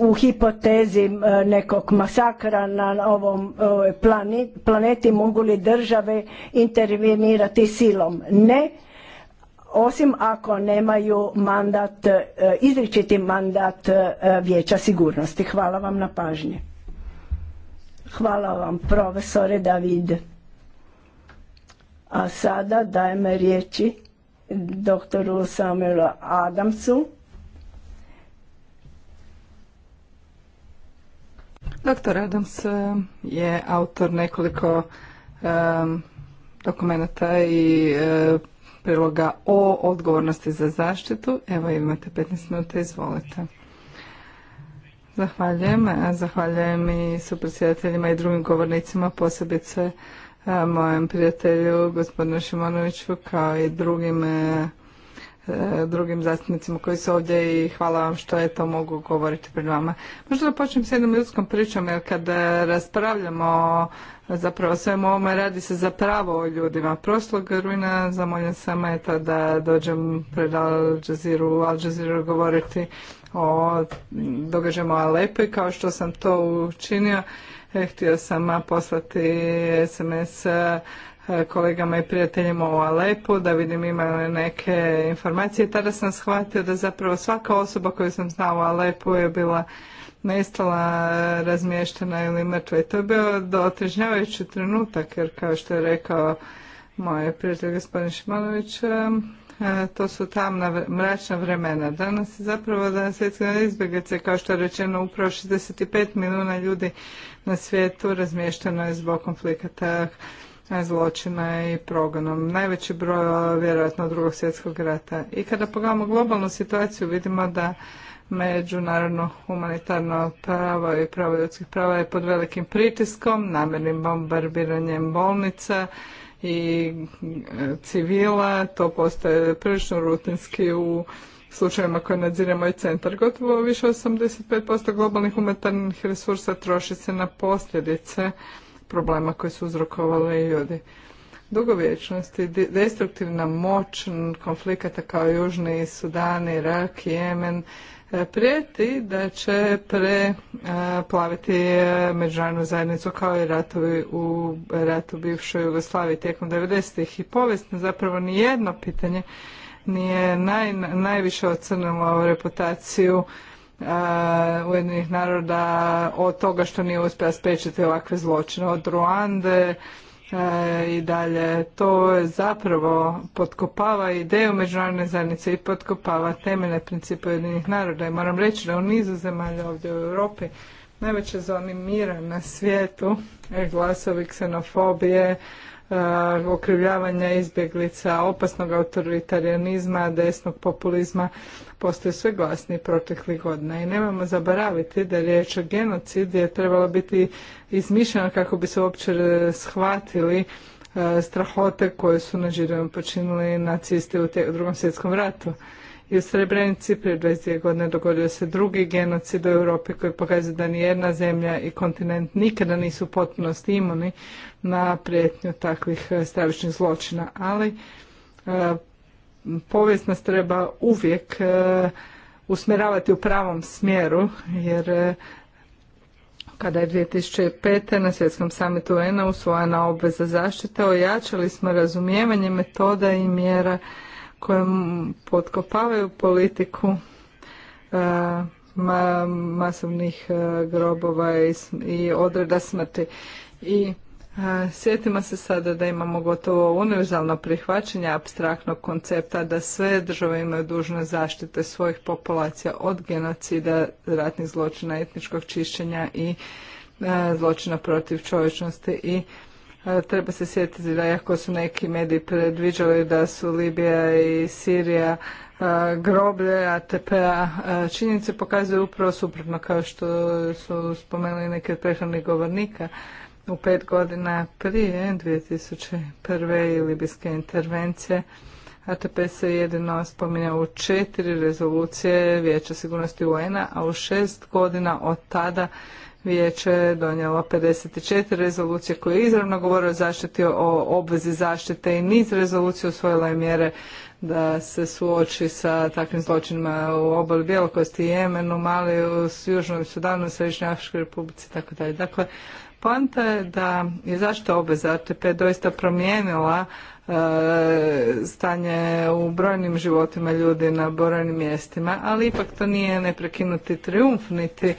u hipotezi e, nekog masakra na ovom planeti mogu li države intervenirati silom? Ne, osim ako nemaju mandat, e, izričiti mandat e, Vijeća sigurnosti. Hvala vam na pažnji. Hvala vam profesore David. A sada dajem riječi doktoru Samuelu Adamsu Doktor Adams eh, je autor nekoliko um, dokumenta i um, priloga o odgovornosti za zaštitu. Evo imate 15 minuta, izvolite. Zahvaljujem. Zahvaljujem i supredsjedateljima i drugim govornicima, posebice eh, mojem prijatelju gospodinu Šimonoviću kao i drugim E, drugim zastupnicima koji su ovdje i hvala vam što je to mogu govoriti pred vama. Možda da počnem s jednom ljudskom pričom jer kad e, raspravljamo zapravo svemu ovome radi se zapravo o ljudima. Prošlog rujna zamoljen sam eto da dođem pred Al Jazeera, Al Jazeera govoriti o događajima Alepe kao što sam to učinio. E, htio sam poslati SMS e, kolegama i prijateljima u Alepu da vidim imaju neke informacije. Tada sam shvatio da zapravo svaka osoba koju sam znao u Alepu je bila nestala, e, razmještena ili mrtva. I to je bio dotrežnjavajući trenutak jer kao što je rekao moj prijatelj gospodin Šimanović, E, to su tamna mračna vremena. Danas je zapravo da svjetska izbjeglice, kao što je rečeno, upravo 65 milijuna ljudi na svijetu razmješteno je zbog konflikata e, zločina i progonom. Najveći broj vjerojatno drugog svjetskog rata. I kada pogledamo globalnu situaciju vidimo da međunarodno humanitarno pravo i pravo ljudskih prava je pod velikim pritiskom, namjernim bombardiranjem bolnica, i e, civila, to postaje prilično rutinski u slučajevima koje nadzire moj centar. Gotovo više 85% globalnih humanitarnih resursa troši se na posljedice problema koje su uzrokovali ljudi. dugovječnosti destruktivna moć konflikata kao Južni Sudan, Irak, Jemen prijeti da će preplaviti e, međunarodnu zajednicu kao i ratovi u ratu bivšoj Jugoslaviji tijekom 90-ih i povijesno zapravo ni jedno pitanje nije naj, najviše ocrnilo reputaciju e, Ujedinjenih naroda od toga što nije uspjela spriječiti ovakve zločine od Ruande E, i dalje. To zapravo potkopava ideju međunarodne zajednice i potkopava temeljne principe jedinih naroda. I moram reći da u nizu zemalja ovdje u Europi najveće zoni mira na svijetu, e, glasovi ksenofobije, E, okrivljavanja izbjeglica, opasnog autoritarianizma, desnog populizma postoje sve glasni proteklih godina. I nemojmo zaboraviti da riječ o genocid je trebala biti izmišljena kako bi se uopće shvatili e, strahote koje su na Židovima počinili nacisti u drugom svjetskom ratu. I u Srebrenici prije 22 godine dogodio se drugi genocid u Europi koji pokazuje da jedna zemlja i kontinent nikada nisu u potpunosti imuni na prijetnju takvih e, stravičnih zločina. Ali e, povijest nas treba uvijek e, usmjeravati u pravom smjeru jer kada je 2005. na svjetskom samitu UN-a usvojena obveza zaštite, ojačali smo razumijevanje metoda i mjera koje potkopavaju politiku e, masovnih e, grobova i, odreda smrti. I e, sjetimo se sada da imamo gotovo univerzalno prihvaćanje abstraktnog koncepta da sve države imaju dužnost zaštite svojih populacija od genocida, ratnih zločina, etničkog čišćenja i zločina protiv čovječnosti i Treba se sjetiti da iako su neki mediji predviđali da su Libija i Sirija groblje ATP-a činjenice pokazuju upravo suprotno kao što su spomenuli neke od govornika u pet godina prije 2001. i libijske intervencije ATP se jedino spominja u četiri rezolucije Vijeća sigurnosti UN-a, a u šest godina od tada Vijeće je donijelo 54 rezolucije koje je izravno govore o zaštiti, o obvezi zaštite i niz rezolucija usvojila je mjere da se suoči sa takvim zločinima u obali Bjelokosti, Jemenu, Maliju, Južnom Sudanu, Središnjoj Afričkoj Republici itd. tako Dakle, poanta je da je zašto obveza ATP doista promijenila e, stanje u brojnim životima ljudi na brojnim mjestima, ali ipak to nije neprekinuti triumf niti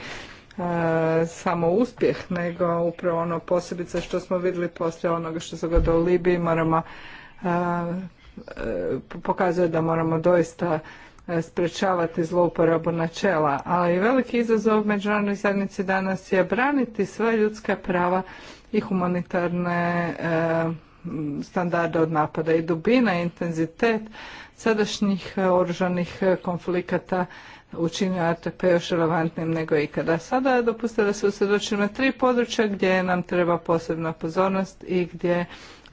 E, samo uspjeh, nego upravo ono posebice što smo vidjeli poslije onoga što se gleda u Libiji, moramo e, e, pokazuje da moramo doista sprečavati zlouporabu načela, ali veliki izazov međunarodnoj zajednici danas je braniti sva ljudska prava i humanitarne standarde od napada i dubina, intenzitet sadašnjih oružanih konflikata učinio ATP još relevantnim nego ikada. Sada dopustite da se usredočimo na tri područja gdje nam treba posebna pozornost i gdje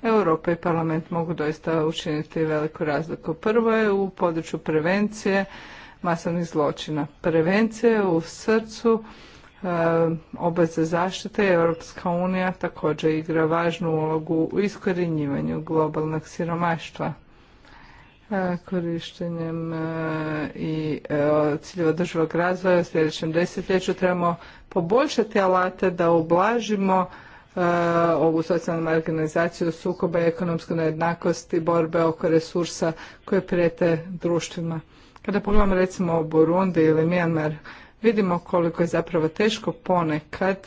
Europa i parlament mogu doista učiniti veliku razliku. Prvo je u području prevencije masovnih zločina. je u srcu e, zaštite Europska unija također igra važnu ulogu u iskorjenjivanju globalnog siromaštva korištenjem e, i e, ciljeva državog razvoja u sljedećem desetljeću trebamo poboljšati alate da ublažimo e, ovu socijalnu marginalizaciju sukoba i ekonomsku nejednakost i borbe oko resursa koje prijete društvima. Kada pogledamo recimo o Burundi ili Mijanmar, vidimo koliko je zapravo teško ponekad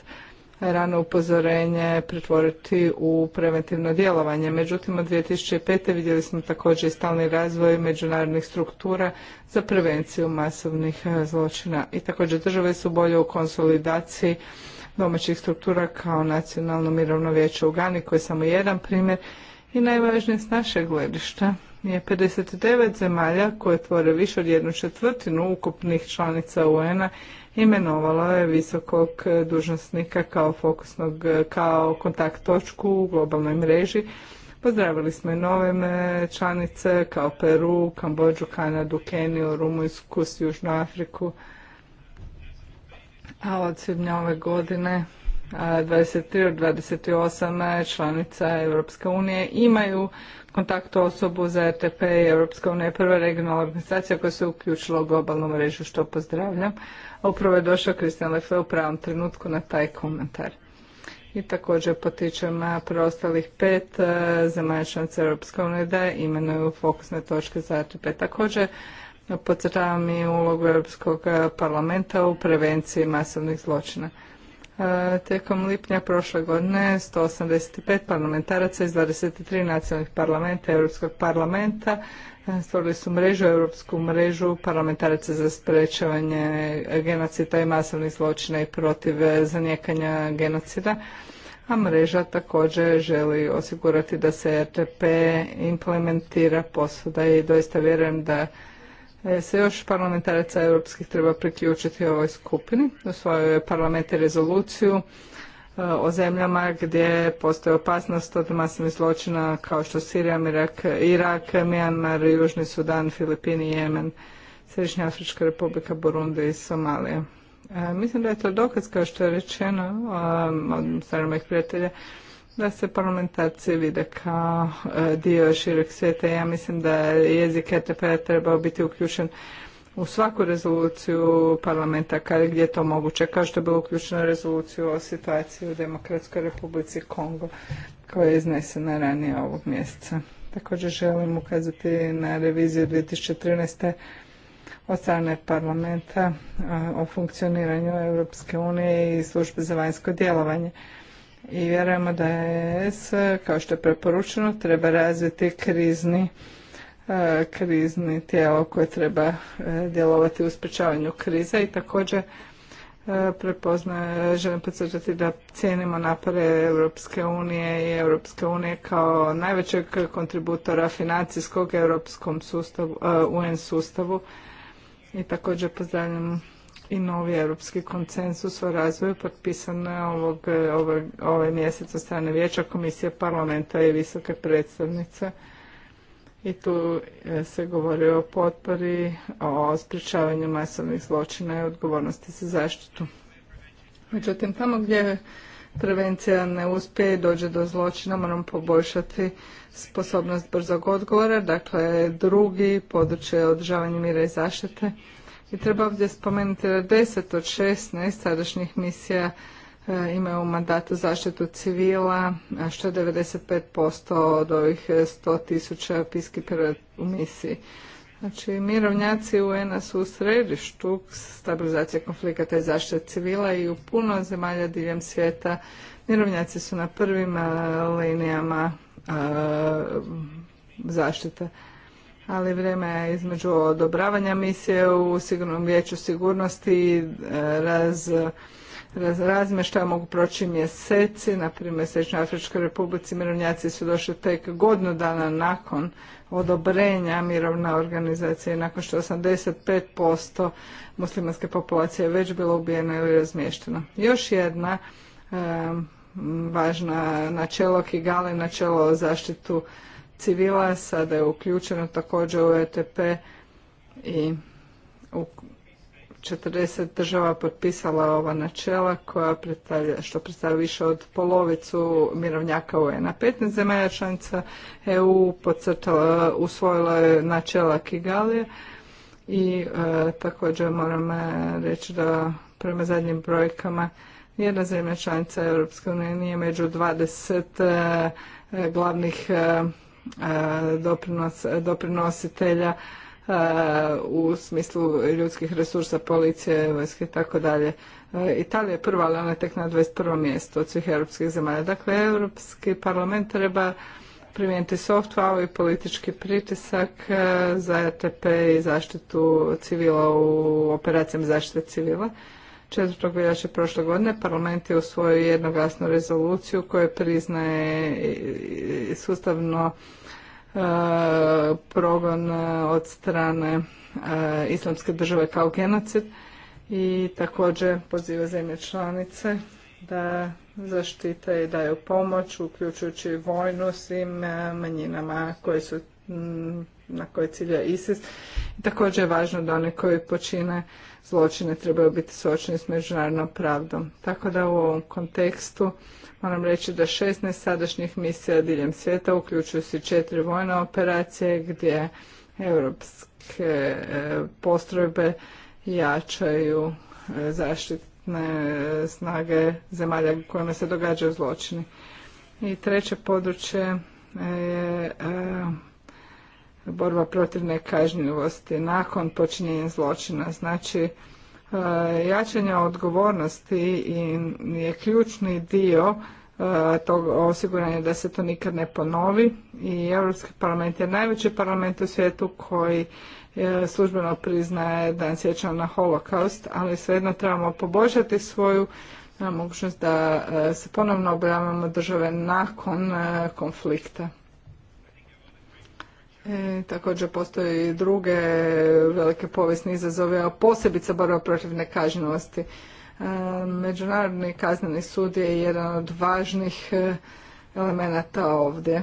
rano upozorenje pretvoriti u preventivno djelovanje. Međutim, od 2005. vidjeli smo također i stalni razvoj međunarodnih struktura za prevenciju masovnih e, zločina. I također države su bolje u konsolidaciji domaćih struktura kao nacionalno mirovno vijeće u Gani koje je samo jedan primjer i najvažnije s našeg gledišta je 59 zemalja koje tvore više od jednu četvrtinu ukupnih članica UN-a imenovala je visokog dužnosnika kao fokusnog, kao kontakt točku u globalnoj mreži. Pozdravili smo i nove članice kao Peru, Kambođu, Kanadu, Keniju, Rumunjsku, Južnu Afriku. A od svibnja ove godine 23 od 28 članica Europske unije imaju kontakt osobu za RTP i Europska unija je prva regionalna organizacija koja se uključila u globalnu mrežu, što pozdravljam. upravo je došao Kristijan Lefe u pravom trenutku na taj komentar. I također potičem preostalih pet zemalja članica Europske unije da imenuju fokusne točke za RTP. Također podcrtavam i ulogu Europskog parlamenta u prevenciji masovnih zločina. E, tijekom lipnja prošle godine 185 parlamentaraca iz 23 nacionalnih parlamenta Europskog parlamenta e, stvorili su mrežu, Europsku mrežu parlamentaraca za sprečavanje genocida i masovnih zločina i protiv zanijekanja genocida. A mreža također želi osigurati da se RTP implementira posuda i doista vjerujem da E, se još parlamentaraca europskih treba priključiti ovoj skupini. Usvojio je parlament rezoluciju e, o zemljama gdje postoji opasnost od masnih zločina kao što Sirija, Irak, Irak Mijanmar, Južni Sudan, Filipini, Jemen, Središnja Afrička republika, Burundi i Somalija. E, mislim da je to dokaz, kao što je rečeno od strane prijatelja, da se parlamentarci vide kao e, dio šireg svijeta. Ja mislim da jezik ETP trebao biti uključen u svaku rezoluciju parlamenta kada gdje je to moguće, kao što je bilo uključeno rezoluciju o situaciji u Demokratskoj Republici Kongo koja je iznesena ranije ovog mjeseca. Također želim ukazati na reviziju 2013 od strane parlamenta e, o funkcioniranju Europske unije i službe za vanjsko djelovanje i vjerujemo da S kao što je preporučeno, treba razviti krizni e, krizni tijelo koje treba e, djelovati u sprečavanju krize i također e, prepoznaje, želim podsjećati da cijenimo napore Europske unije i Europske unije kao najvećeg kontributora financijskog europskom sustavu, UN sustavu i također pozdravljam i novi europski konsensus o razvoju potpisan ovog, ovog, ovaj mjesec od strane Vijeća Komisije parlamenta i visoke predstavnice. I tu e, se govori o potpori, o sprječavanju masovnih zločina i odgovornosti za zaštitu. Međutim, tamo gdje prevencija ne uspije i dođe do zločina, moramo poboljšati sposobnost brzog odgovora, dakle drugi područje održavanja mira i zaštite i treba ovdje spomenuti da 10 od 16 sadašnjih misija e, imaju u mandatu zaštitu civila, što je 95% od ovih 100 tisuća piskipera u misiji. Znači, mirovnjaci UN-a su u središtu stabilizacije konflikata i zaštite civila i u puno zemalja diljem svijeta mirovnjaci su na prvim e, linijama e, zaštite ali vrijeme između odobravanja misije u sigurnom vijeću sigurnosti e, raz, raz, mogu proći mjeseci, na primjer Afričkoj Republici mirovnjaci su došli tek godinu dana nakon odobrenja mirovna organizacija nakon što 85% muslimanske populacije već bilo ubijeno ili razmješteno. Još jedna e, važna načelo Kigali, načelo o zaštitu civila, sada je uključeno također u ETP i u 40 država potpisala ova načela koja predstavlja, što predstavlja više od polovicu mirovnjaka UN-a. 15 zemalja članica EU podcrtala, usvojila je načela Kigalije i e, također moram e, reći da prema zadnjim brojkama jedna zemlja članica EU nije među 20 e, glavnih e, E, doprinositelja e, u smislu ljudskih resursa, policije, vojske i tako dalje. E, Italija je prva, ali ona je tek na 21. mjestu od svih europskih zemalja. Dakle, Europski parlament treba primijeniti soft i politički pritisak za ETP i zaštitu civila u operacijama zaštite civila 4. veljače prošle godine parlament je usvojio jednoglasnu rezoluciju koja priznaje sustavno e, progon od strane e, islamske države kao genocid i također poziva zemlje članice da zaštite i daju pomoć uključujući vojnu svim e, manjinama koje su na koje cilja ISIS. I također je važno da oni koji počine zločine trebaju biti suočeni s međunarodnom pravdom. Tako da u ovom kontekstu moram reći da 16 sadašnjih misija diljem svijeta uključuju se četiri vojne operacije gdje europske e, postrojbe jačaju e, zaštitne snage zemalja u kojima se događaju zločini. I treće područje je e, borba protiv nekažnjivosti nakon počinjenja zločina. Znači, e, jačanje odgovornosti je ključni dio e, tog osiguranja da se to nikad ne ponovi i Europski parlament je najveći parlament u svijetu koji e, službeno priznaje dan sjećanja na holokaust, ali svejedno trebamo poboljšati svoju mogućnost da se ponovno objavamo države nakon konflikta. E, također postoje i druge velike povijesne izazove, a posebice borba protiv nekažnjivosti. E, Međunarodni kazneni sud je jedan od važnih e, elemenata ovdje.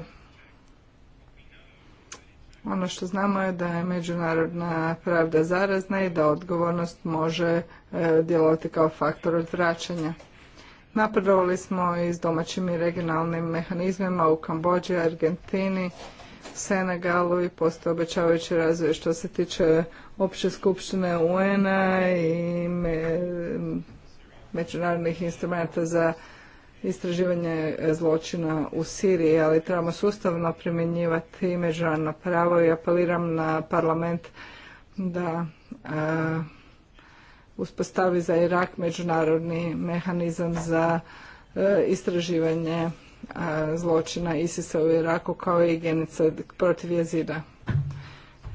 Ono što znamo je da je međunarodna pravda zarazna i da odgovornost može djelovati kao faktor odvraćanja. Napredovali smo i s domaćim i regionalnim mehanizmima u Kambođi, Argentini, Senegalu i postoje obećavajući razvoj što se tiče opće skupštine UN-a i međunarodnih instrumenta za istraživanje zločina u Siriji, ali trebamo sustavno primjenjivati međunarodno pravo i apeliram na parlament da uspostavi za Irak međunarodni mehanizam za e, istraživanje zločina ISIS-a u Iraku kao i genica protiv jezida.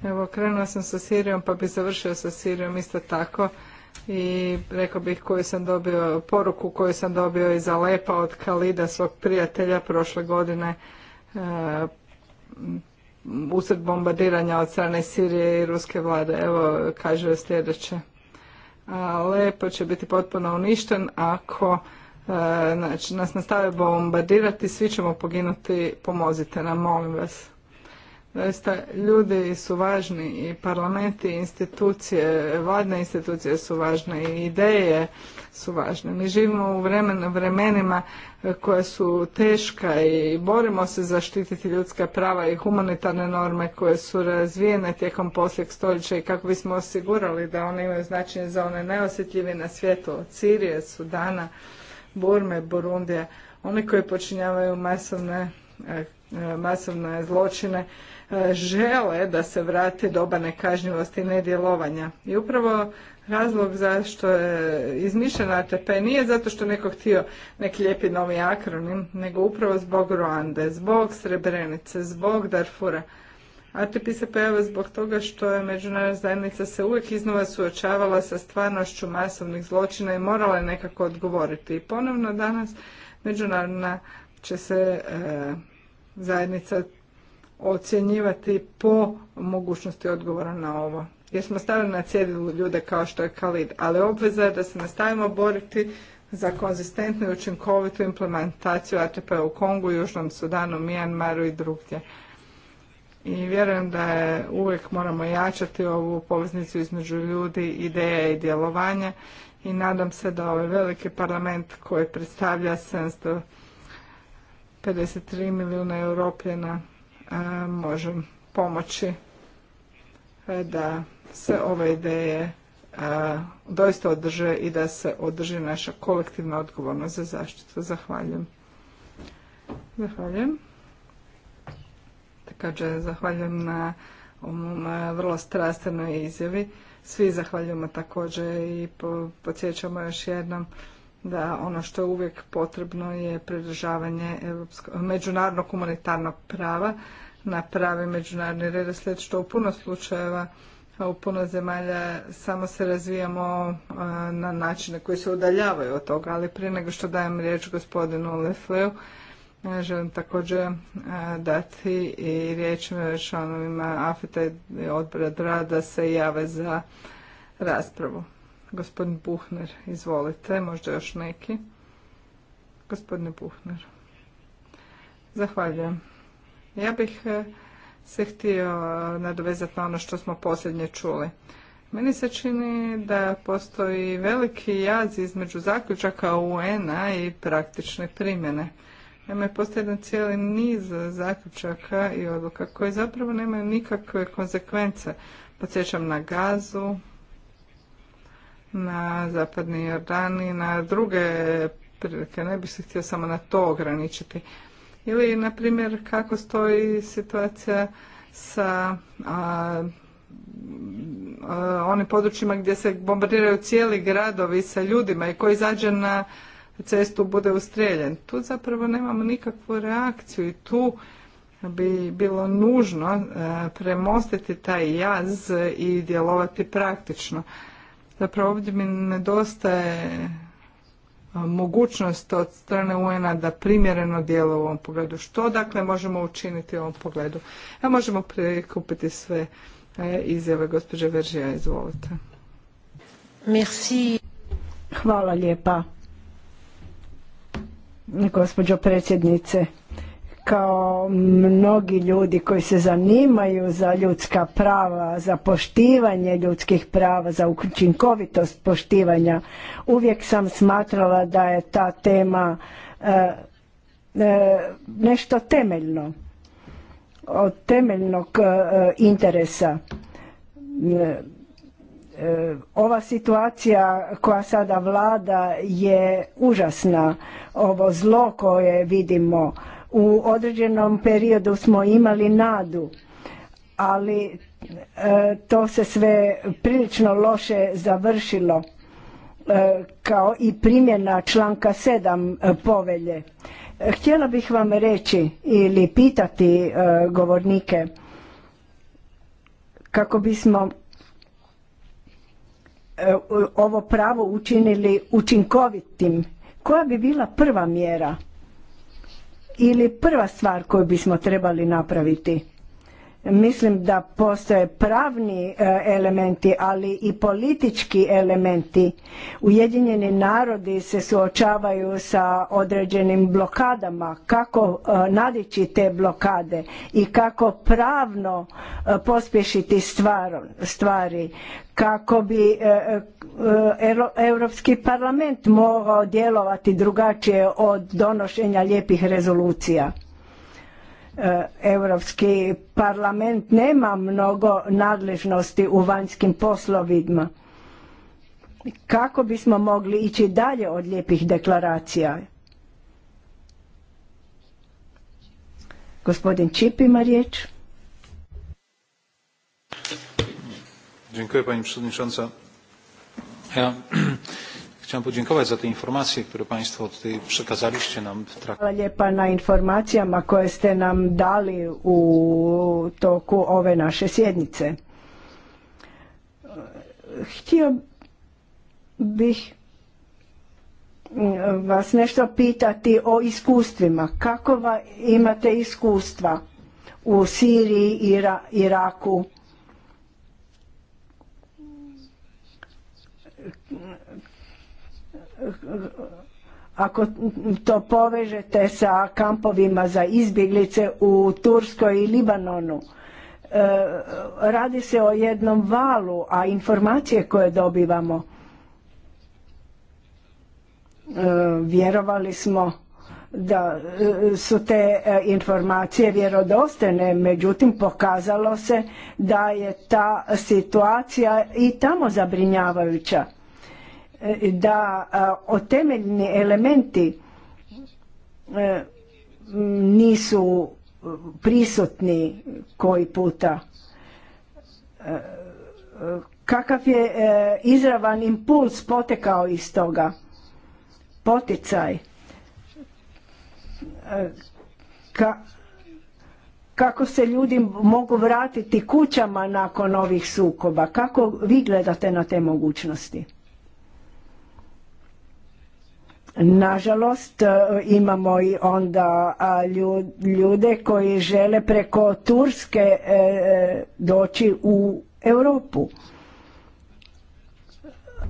Evo, krenula sam sa Sirijom pa bi završio sa Sirijom isto tako i rekao bih koju sam dobio, poruku koju sam dobio iz Alepa od Kalida, svog prijatelja prošle godine e, usred bombardiranja od strane Sirije i ruske vlade. Evo, kaže sljedeće. Lepo će biti potpuno uništen ako E, znači nas nastave bombardirati, svi ćemo poginuti, pomozite nam, molim vas. Zaista, ljudi su važni i parlamenti, institucije, vladne institucije su važne i ideje su važne. Mi živimo u vremenima e, koja su teška i borimo se zaštititi ljudska prava i humanitarne norme koje su razvijene tijekom posljeg stoljeća i kako bismo osigurali da one imaju značenje za one najosjetljivije na svijetu od Sirije, Sudana, Burme, Burundija, oni koji počinjavaju masovne, e, masovne zločine, e, žele da se vrati doba nekažnjivosti i nedjelovanja. I upravo razlog zašto je izmišljen ATP nije zato što neko htio neki lijepi novi akronim, nego upravo zbog Ruande, zbog Srebrenice, zbog Darfura. ATP se pojavio zbog toga što je međunarodna zajednica se uvijek iznova suočavala sa stvarnošću masovnih zločina i morala je nekako odgovoriti. I ponovno danas međunarodna će se e, zajednica ocjenjivati po mogućnosti odgovora na ovo. Jer smo stavili na cjedilu ljude kao što je Kalid, ali obveza je da se nastavimo boriti za konzistentnu i učinkovitu implementaciju ATP p-a u Kongu, Južnom Sudanu, Mijanmaru i drugdje i vjerujem da je, uvijek moramo jačati ovu poveznicu između ljudi, ideja i djelovanja i nadam se da ovaj veliki parlament koji predstavlja 753 milijuna europljena e, može pomoći e, da se ove ideje e, doista održe i da se održi naša kolektivna odgovornost za zaštitu. Zahvaljujem. Zahvaljujem. Također zahvaljujem na ovom e, vrlo strastvenoj izjavi. Svi zahvaljujemo također i podsjećamo još jednom da ono što je uvijek potrebno je pridržavanje međunarodnog humanitarnog prava na pravi međunarodni redoslijed što u puno slučajeva u puno zemalja samo se razvijamo e, na načine koji se udaljavaju od toga, ali prije nego što dajem riječ gospodinu Lefleu, E, želim također e, dati i riječ e, članovima AFETA i odbora DRA da se jave za raspravu. Gospodin Buhner, izvolite, možda još neki. Gospodine Buhner. Zahvaljujem. Ja bih se htio nadovezati na ono što smo posljednje čuli. Meni se čini da postoji veliki jaz između zaključaka UN-a i praktične primjene. Naime, postoji jedan cijeli niz zaključaka i odluka koje zapravo nemaju nikakve konsekvence. Podsjećam na gazu, na zapadni Jordan i na druge prilike. Ne bih se htio samo na to ograničiti. Ili, na primjer, kako stoji situacija sa onim područjima gdje se bombardiraju cijeli gradovi sa ljudima i koji izađe na cestu bude ustrijeljen Tu zapravo nemamo nikakvu reakciju i tu bi bilo nužno e, premostiti taj jaz i djelovati praktično. Zapravo ovdje mi nedostaje e, mogućnost od strane un da primjereno djeluje u ovom pogledu. Što dakle možemo učiniti u ovom pogledu? Ja možemo prikupiti sve e, izjave gospođe Veržija, izvolite. Merci. Hvala lijepa gospođo predsjednice. Kao mnogi ljudi koji se zanimaju za ljudska prava, za poštivanje ljudskih prava, za učinkovitost poštivanja, uvijek sam smatrala da je ta tema e, e, nešto temeljno, od temeljnog e, interesa E, ova situacija koja sada vlada je užasna. Ovo zlo koje vidimo u određenom periodu smo imali nadu, ali e, to se sve prilično loše završilo e, kao i primjena članka 7 povelje. Htjela bih vam reći ili pitati govornike kako bismo E, ovo pravo učinili učinkovitim, koja bi bila prva mjera ili prva stvar koju bismo trebali napraviti? Mislim da postoje pravni e, elementi, ali i politički elementi. Ujedinjeni narodi se suočavaju sa određenim blokadama, kako e, nadići te blokade i kako pravno e, pospješiti stvari, kako bi Europski parlament mogao djelovati drugačije od donošenja lijepih rezolucija. Europski parlament nema mnogo nadležnosti u vanjskim poslovima. Kako bismo mogli ići dalje od lijepih deklaracija? Gospodin Čip ima riječ. Chciałem podziękować za te informacje, które Państwo tutaj przekazaliście nam w trakcie. Hvala lijepa na informacijama koje ste nam dali u toku ove naše sjednice. Htio bih mm, vas nešto pitati o iskustvima. kako imate iskustva u Siriji i Ira, Iraku? ako to povežete sa kampovima za izbjeglice u Turskoj i Libanonu, e, radi se o jednom valu, a informacije koje dobivamo, e, vjerovali smo da e, su te informacije vjerodostojne, međutim pokazalo se da je ta situacija i tamo zabrinjavajuća. E, da temeljni elementi e, nisu prisutni koji puta e, kakav je izravan impuls potekao iz toga poticaj kako se ljudi mogu vratiti kućama nakon ovih sukoba kako vi gledate na te mogućnosti Nažalost, e, imamo i onda ljude koji žele preko Turske e, e, doći u Europu.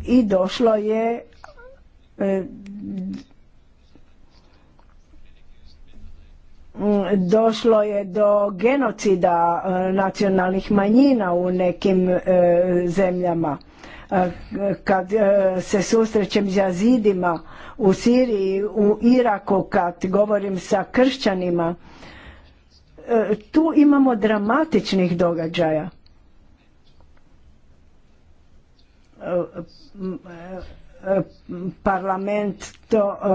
I došlo je došlo je do genocida nacionalnih manjina u nekim zemljama kad e, se susrećem s jazidima u Siriji, u Iraku, kad govorim sa kršćanima, e, tu imamo dramatičnih događaja. Parlament to e,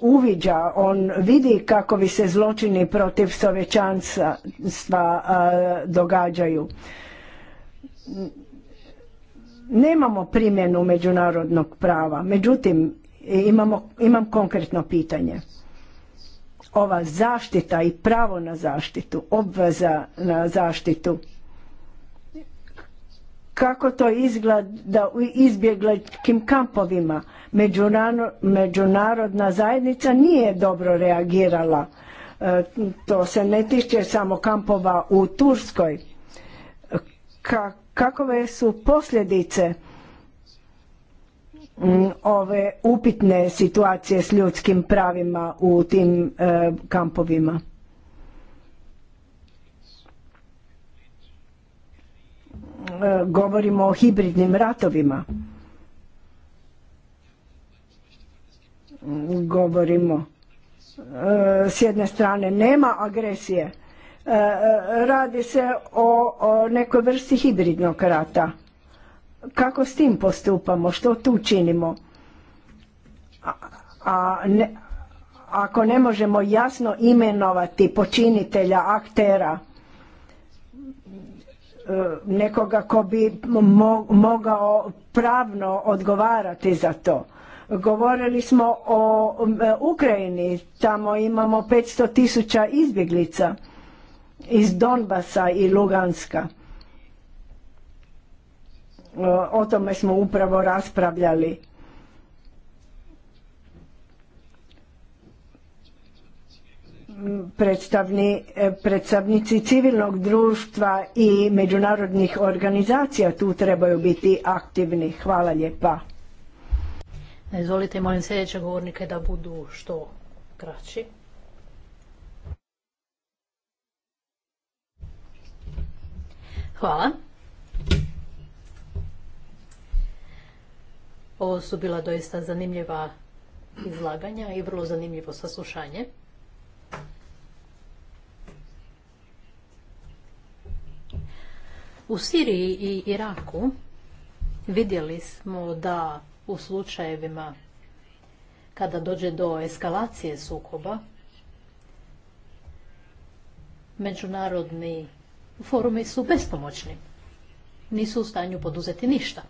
uviđa, on vidi kako bi se zločini protiv sovjećanstva događaju Nemamo primjenu međunarodnog prava, međutim imamo, imam konkretno pitanje. Ova zaštita i pravo na zaštitu, obveza na zaštitu, kako to izgleda u izbjegličkim kampovima. Međunarodna zajednica nije dobro reagirala. E, to se ne tiče samo kampova u Turskoj. Kako kakove su posljedice mm, ove upitne situacije s ljudskim pravima u tim e, kampovima. E, govorimo o hibridnim ratovima. Mm, govorimo e, s jedne strane nema agresije, Radi se o, nekoj vrsti hibridnog rata. Kako s tim postupamo? Što tu činimo? A, ako ne možemo jasno imenovati počinitelja, aktera, e, nekoga ko bi mogao pravno odgovarati za to. Govorili smo o Ukrajini, tamo imamo 500 tisuća izbjeglica iz Donbasa i Luganska. O tome smo upravo raspravljali. predstavnici civilnog društva i međunarodnih organizacija tu trebaju biti aktivni. Hvala lijepa. Izvolite, molim sljedeće govornike da budu što kraći. Hvala. Ovo su bila doista zanimljiva izlaganja i vrlo zanimljivo saslušanje. U Siriji i Iraku vidjeli smo da u slučajevima kada dođe do eskalacije sukoba međunarodni forumi su bespomoćni. Nisu u stanju poduzeti ništa.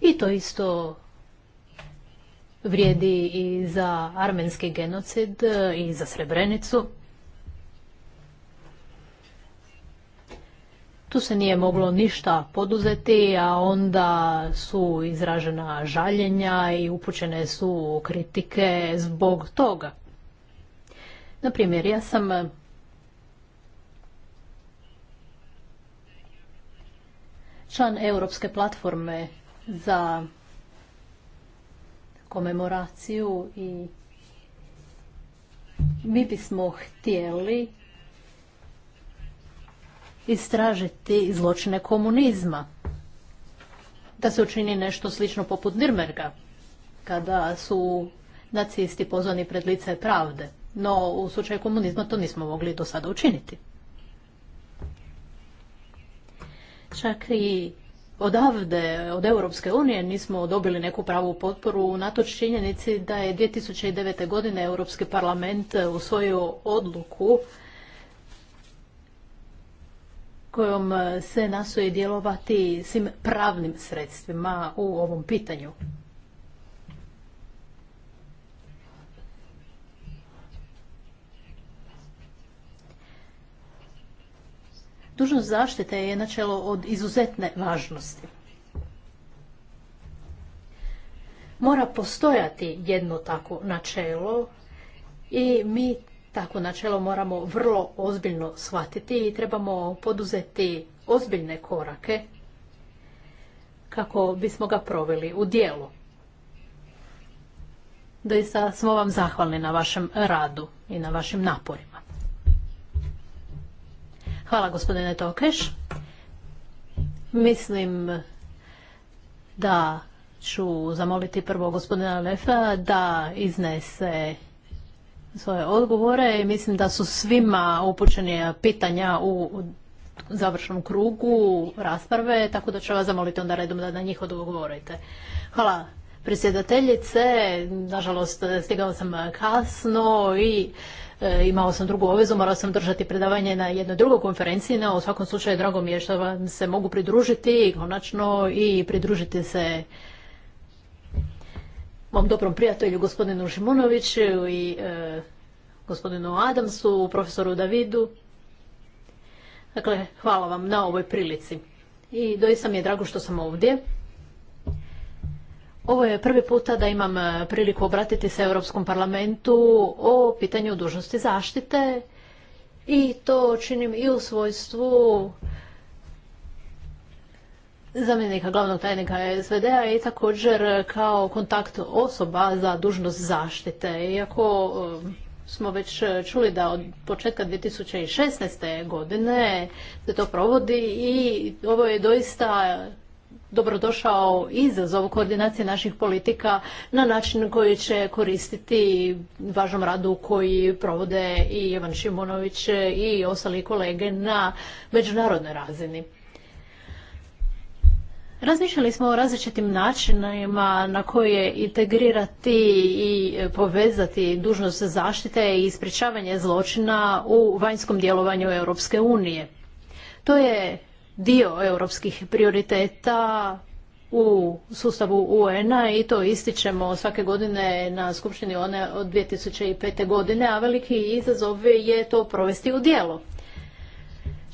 I to isto vrijedi i za armenski genocid i za Srebrenicu. Tu se nije moglo ništa poduzeti, a onda su izražena žaljenja i upućene su kritike zbog toga. Naprimjer, ja sam član Europske platforme za komemoraciju i mi bismo htjeli istražiti zločine komunizma. Da se učini nešto slično poput Nirmerga, kada su nacisti pozvani pred lice pravde. No, u slučaju komunizma to nismo mogli do sada učiniti. Čak i odavde, od Europske unije, nismo dobili neku pravu potporu natoč činjenici da je 2009. godine Europski parlament usvojio odluku kojom se nastoji djelovati svim pravnim sredstvima u ovom pitanju. Dužnost zaštite je načelo od izuzetne važnosti. Mora postojati jedno tako načelo i mi tako načelo moramo vrlo ozbiljno shvatiti i trebamo poduzeti ozbiljne korake kako bismo ga proveli u dijelu. Doista smo vam zahvalni na vašem radu i na vašim naporima. Hvala gospodine Tokeš. Mislim da ću zamoliti prvo gospodina Lefa da iznese svoje odgovore i mislim da su svima upućena pitanja u završnom krugu rasprave, tako da ću vas zamoliti onda redom da na njih odgovorite. Hvala predsjedateljice, nažalost stigao sam kasno i E, imao sam drugu obvezu, morao sam držati predavanje na jednoj drugoj konferenciji, Na u svakom slučaju drago mi je što vam se mogu pridružiti i konačno i pridružiti se mom dobrom prijatelju gospodinu Šimunoviću i e, gospodinu Adamsu, profesoru Davidu. Dakle, hvala vam na ovoj prilici. I doista mi je drago što sam ovdje. Ovo je prvi puta da imam e, priliku obratiti se Europskom parlamentu o pitanju dužnosti zaštite i to činim i u svojstvu zamjenika glavnog tajnika SVD-a i također kao kontakt osoba za dužnost zaštite. Iako e, smo već čuli da od početka 2016. godine se to provodi i ovo je doista dobrodošao izazov koordinacije naših politika na način koji će koristiti važnom radu koji provode i Ivan Šimonović i ostali kolege na međunarodnoj razini. Razmišljali smo o različitim načinima na koje integrirati i povezati dužnost zaštite i sprječavanje zločina u vanjskom djelovanju Europske unije. To je dio europskih prioriteta u sustavu UN-a i to ističemo svake godine na Skupštini one od 2005. godine, a veliki izazov je to provesti u djelo.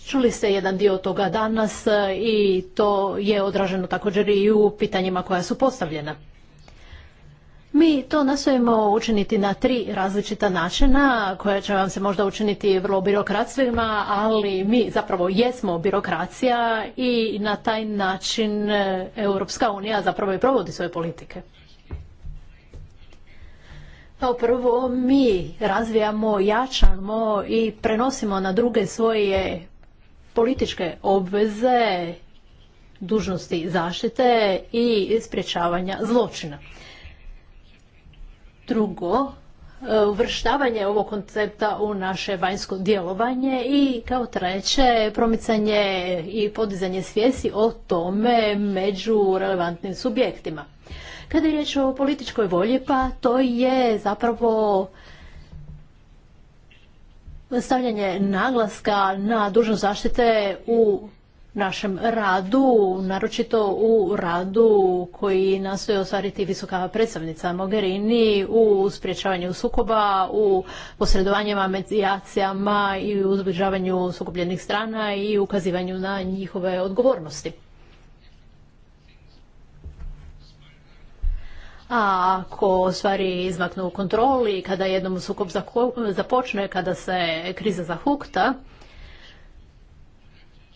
Čuli ste jedan dio toga danas i to je odraženo također i u pitanjima koja su postavljena. Mi to nastojimo učiniti na tri različita načina koja će vam se možda učiniti vrlo birokratstvima, ali mi zapravo jesmo birokracija i na taj način e, Europska unija zapravo i provodi svoje politike. Kao prvo mi razvijamo, jačamo i prenosimo na druge svoje političke obveze, dužnosti zaštite i sprječavanja zločina. Drugo, e, uvrštavanje ovog koncepta u naše vanjsko djelovanje i kao treće promicanje i podizanje svijesti o tome među relevantnim subjektima. Kada je riječ o političkoj volji, pa to je zapravo stavljanje naglaska na dužnost zaštite u našem radu, naročito u radu koji nastoje ostvariti visoka predstavnica Mogherini u sprječavanju sukoba, u posredovanjima, medijacijama i u uzbližavanju sukobljenih strana i ukazivanju na njihove odgovornosti. A ako stvari izmaknu kontroli, kada jednom sukob započne, kada se kriza zahukta,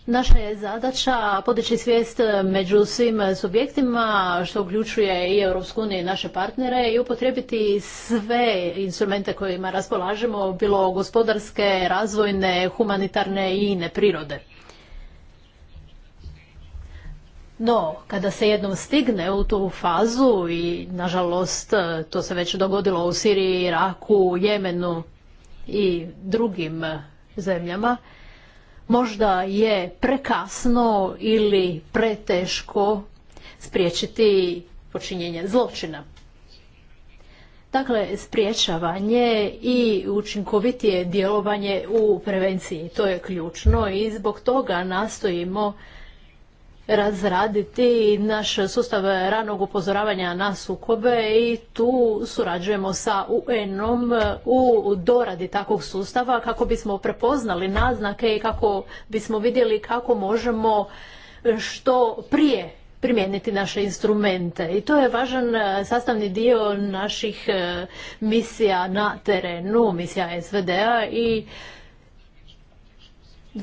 Naša je zadaća podići svijest među svim subjektima, što uključuje i Europsku uniju i naše partnere, i upotrijebiti sve instrumente kojima raspolažemo, bilo gospodarske, razvojne, humanitarne i ine prirode. No, kada se jednom stigne u tu fazu i nažalost to se već dogodilo u Siriji, Iraku, Jemenu i drugim zemljama, Možda je prekasno ili preteško spriječiti počinjenje zločina. Dakle, spriječavanje i učinkovitije djelovanje u prevenciji, to je ključno i zbog toga nastojimo razraditi naš sustav ranog upozoravanja na sukobe i tu surađujemo sa UN-om u doradi takvog sustava kako bismo prepoznali naznake i kako bismo vidjeli kako možemo što prije primijeniti naše instrumente. I to je važan e, sastavni dio naših e, misija na terenu, misija SVD-a i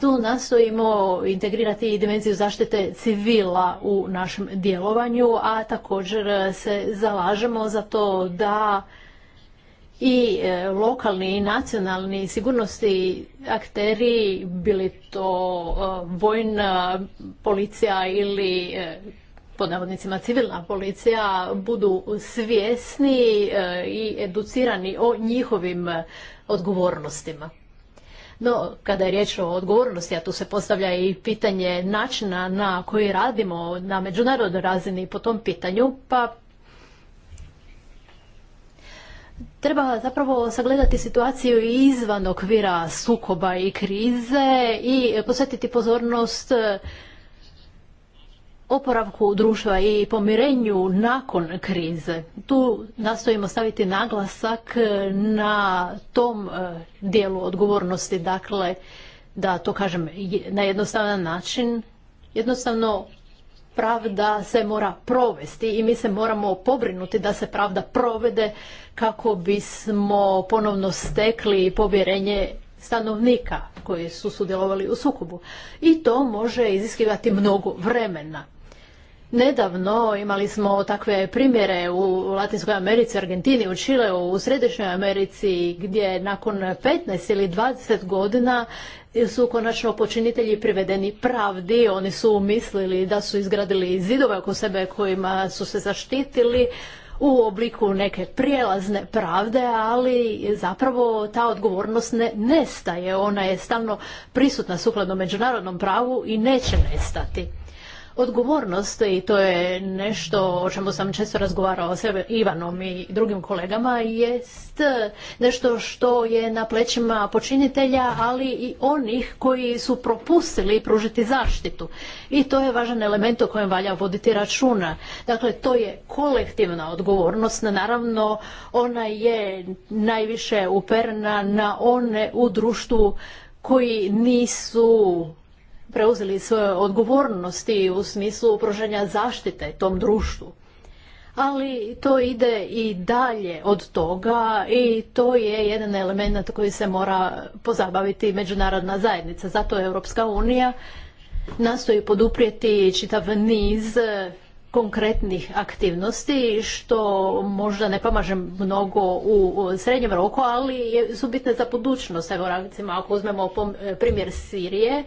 tu nastojimo integrirati i dimenziju zaštite civila u našem djelovanju, a također se zalažemo za to da i e, lokalni i nacionalni sigurnosti akteri, bili to e, vojna policija ili e, pod navodnicima civilna policija, budu svjesni i educirani o njihovim odgovornostima. No, kada je riječ o odgovornosti, a tu se postavlja i pitanje načina na koji radimo na međunarodnoj razini po tom pitanju, pa Treba zapravo sagledati situaciju izvan okvira sukoba i krize i posvetiti pozornost oporavku društva i pomirenju nakon krize. Tu nastojimo staviti naglasak e, na tom e, dijelu odgovornosti, dakle, da to kažem na jednostavan način, jednostavno pravda se mora provesti i mi se moramo pobrinuti da se pravda provede kako bismo ponovno stekli povjerenje stanovnika koji su sudjelovali u sukobu. I to može iziskivati mnogo vremena. Nedavno imali smo takve primjere u Latinskoj Americi, Argentini, u Čileu, u Središnjoj Americi gdje nakon 15 ili 20 godina su konačno počinitelji privedeni pravdi. Oni su mislili da su izgradili zidove oko sebe kojima su se zaštitili u obliku neke prijelazne pravde, ali zapravo ta odgovornost ne nestaje. Ona je stalno prisutna sukladno međunarodnom pravu i neće nestati odgovornost i to je nešto o čemu sam često razgovarao s Ivanom i drugim kolegama jest nešto što je na plećima počinitelja ali i onih koji su propustili pružiti zaštitu i to je važan element o kojem valja voditi računa. Dakle, to je kolektivna odgovornost, naravno ona je najviše uperna na one u društvu koji nisu preuzeli svoje odgovornosti u smislu pružanja zaštite tom društvu. Ali to ide i dalje od toga i to je jedan element koji se mora pozabaviti međunarodna zajednica. Zato je Europska unija nastoji poduprijeti čitav niz konkretnih aktivnosti što možda ne pomaže mnogo u srednjem roku, ali su bitne za budućnost. Evo, recimo, ako uzmemo primjer Sirije,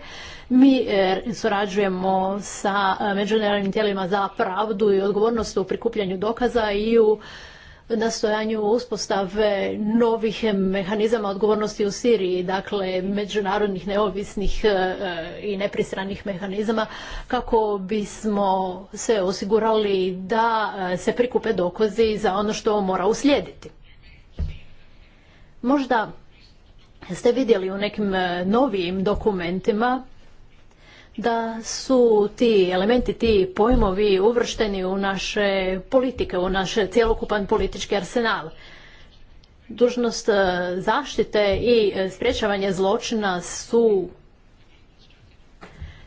mi e, surađujemo sa međunarodnim tijelima za pravdu i odgovornost u prikupljanju dokaza i u nastojanju uspostave novih mehanizama odgovornosti u Siriji, dakle međunarodnih neovisnih e, e, i nepristranih mehanizama kako bismo se osigurali da e, se prikupe dokazi za ono što mora uslijediti. Možda ste vidjeli u nekim novijim dokumentima da su ti elementi, ti pojmovi uvršteni u naše politike, u naš cjelokupan politički arsenal. Dužnost e, zaštite i e, sprječavanje zločina su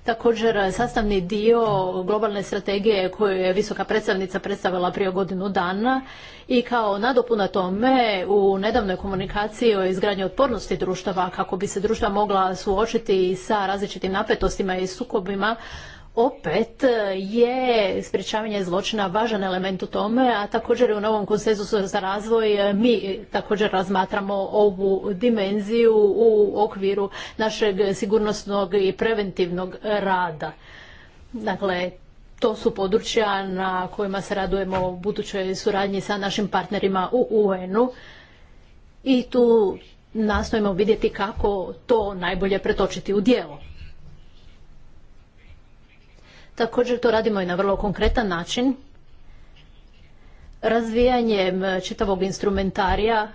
također sastavni dio globalne strategije koju je visoka predstavnica predstavila prije godinu dana i kao nadopuna tome u nedavnoj komunikaciji o izgradnji otpornosti društava kako bi se društva mogla suočiti sa različitim napetostima i sukobima opet je sprječavanje zločina važan element u tome, a također u novom konsenzusu za razvoj e, mi također razmatramo ovu dimenziju u okviru našeg sigurnosnog i preventivnog rada. Dakle, to su područja na kojima se radujemo u budućoj suradnji sa našim partnerima u UN-u i tu nastojimo vidjeti kako to najbolje pretočiti u djelo. Također to radimo i na vrlo konkretan način. Razvijanjem e, čitavog instrumentarija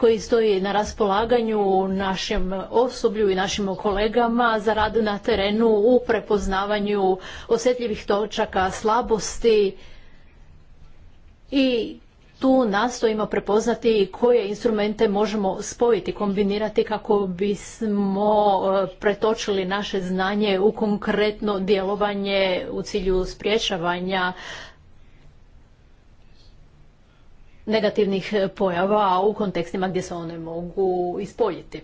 koji stoji na raspolaganju našem osoblju i našim kolegama za rad na terenu u prepoznavanju osjetljivih točaka, slabosti i tu nastojimo prepoznati koje instrumente možemo spojiti, kombinirati kako bismo e, pretočili naše znanje u konkretno djelovanje u cilju spriječavanja negativnih pojava u kontekstima gdje se one mogu ispoljiti.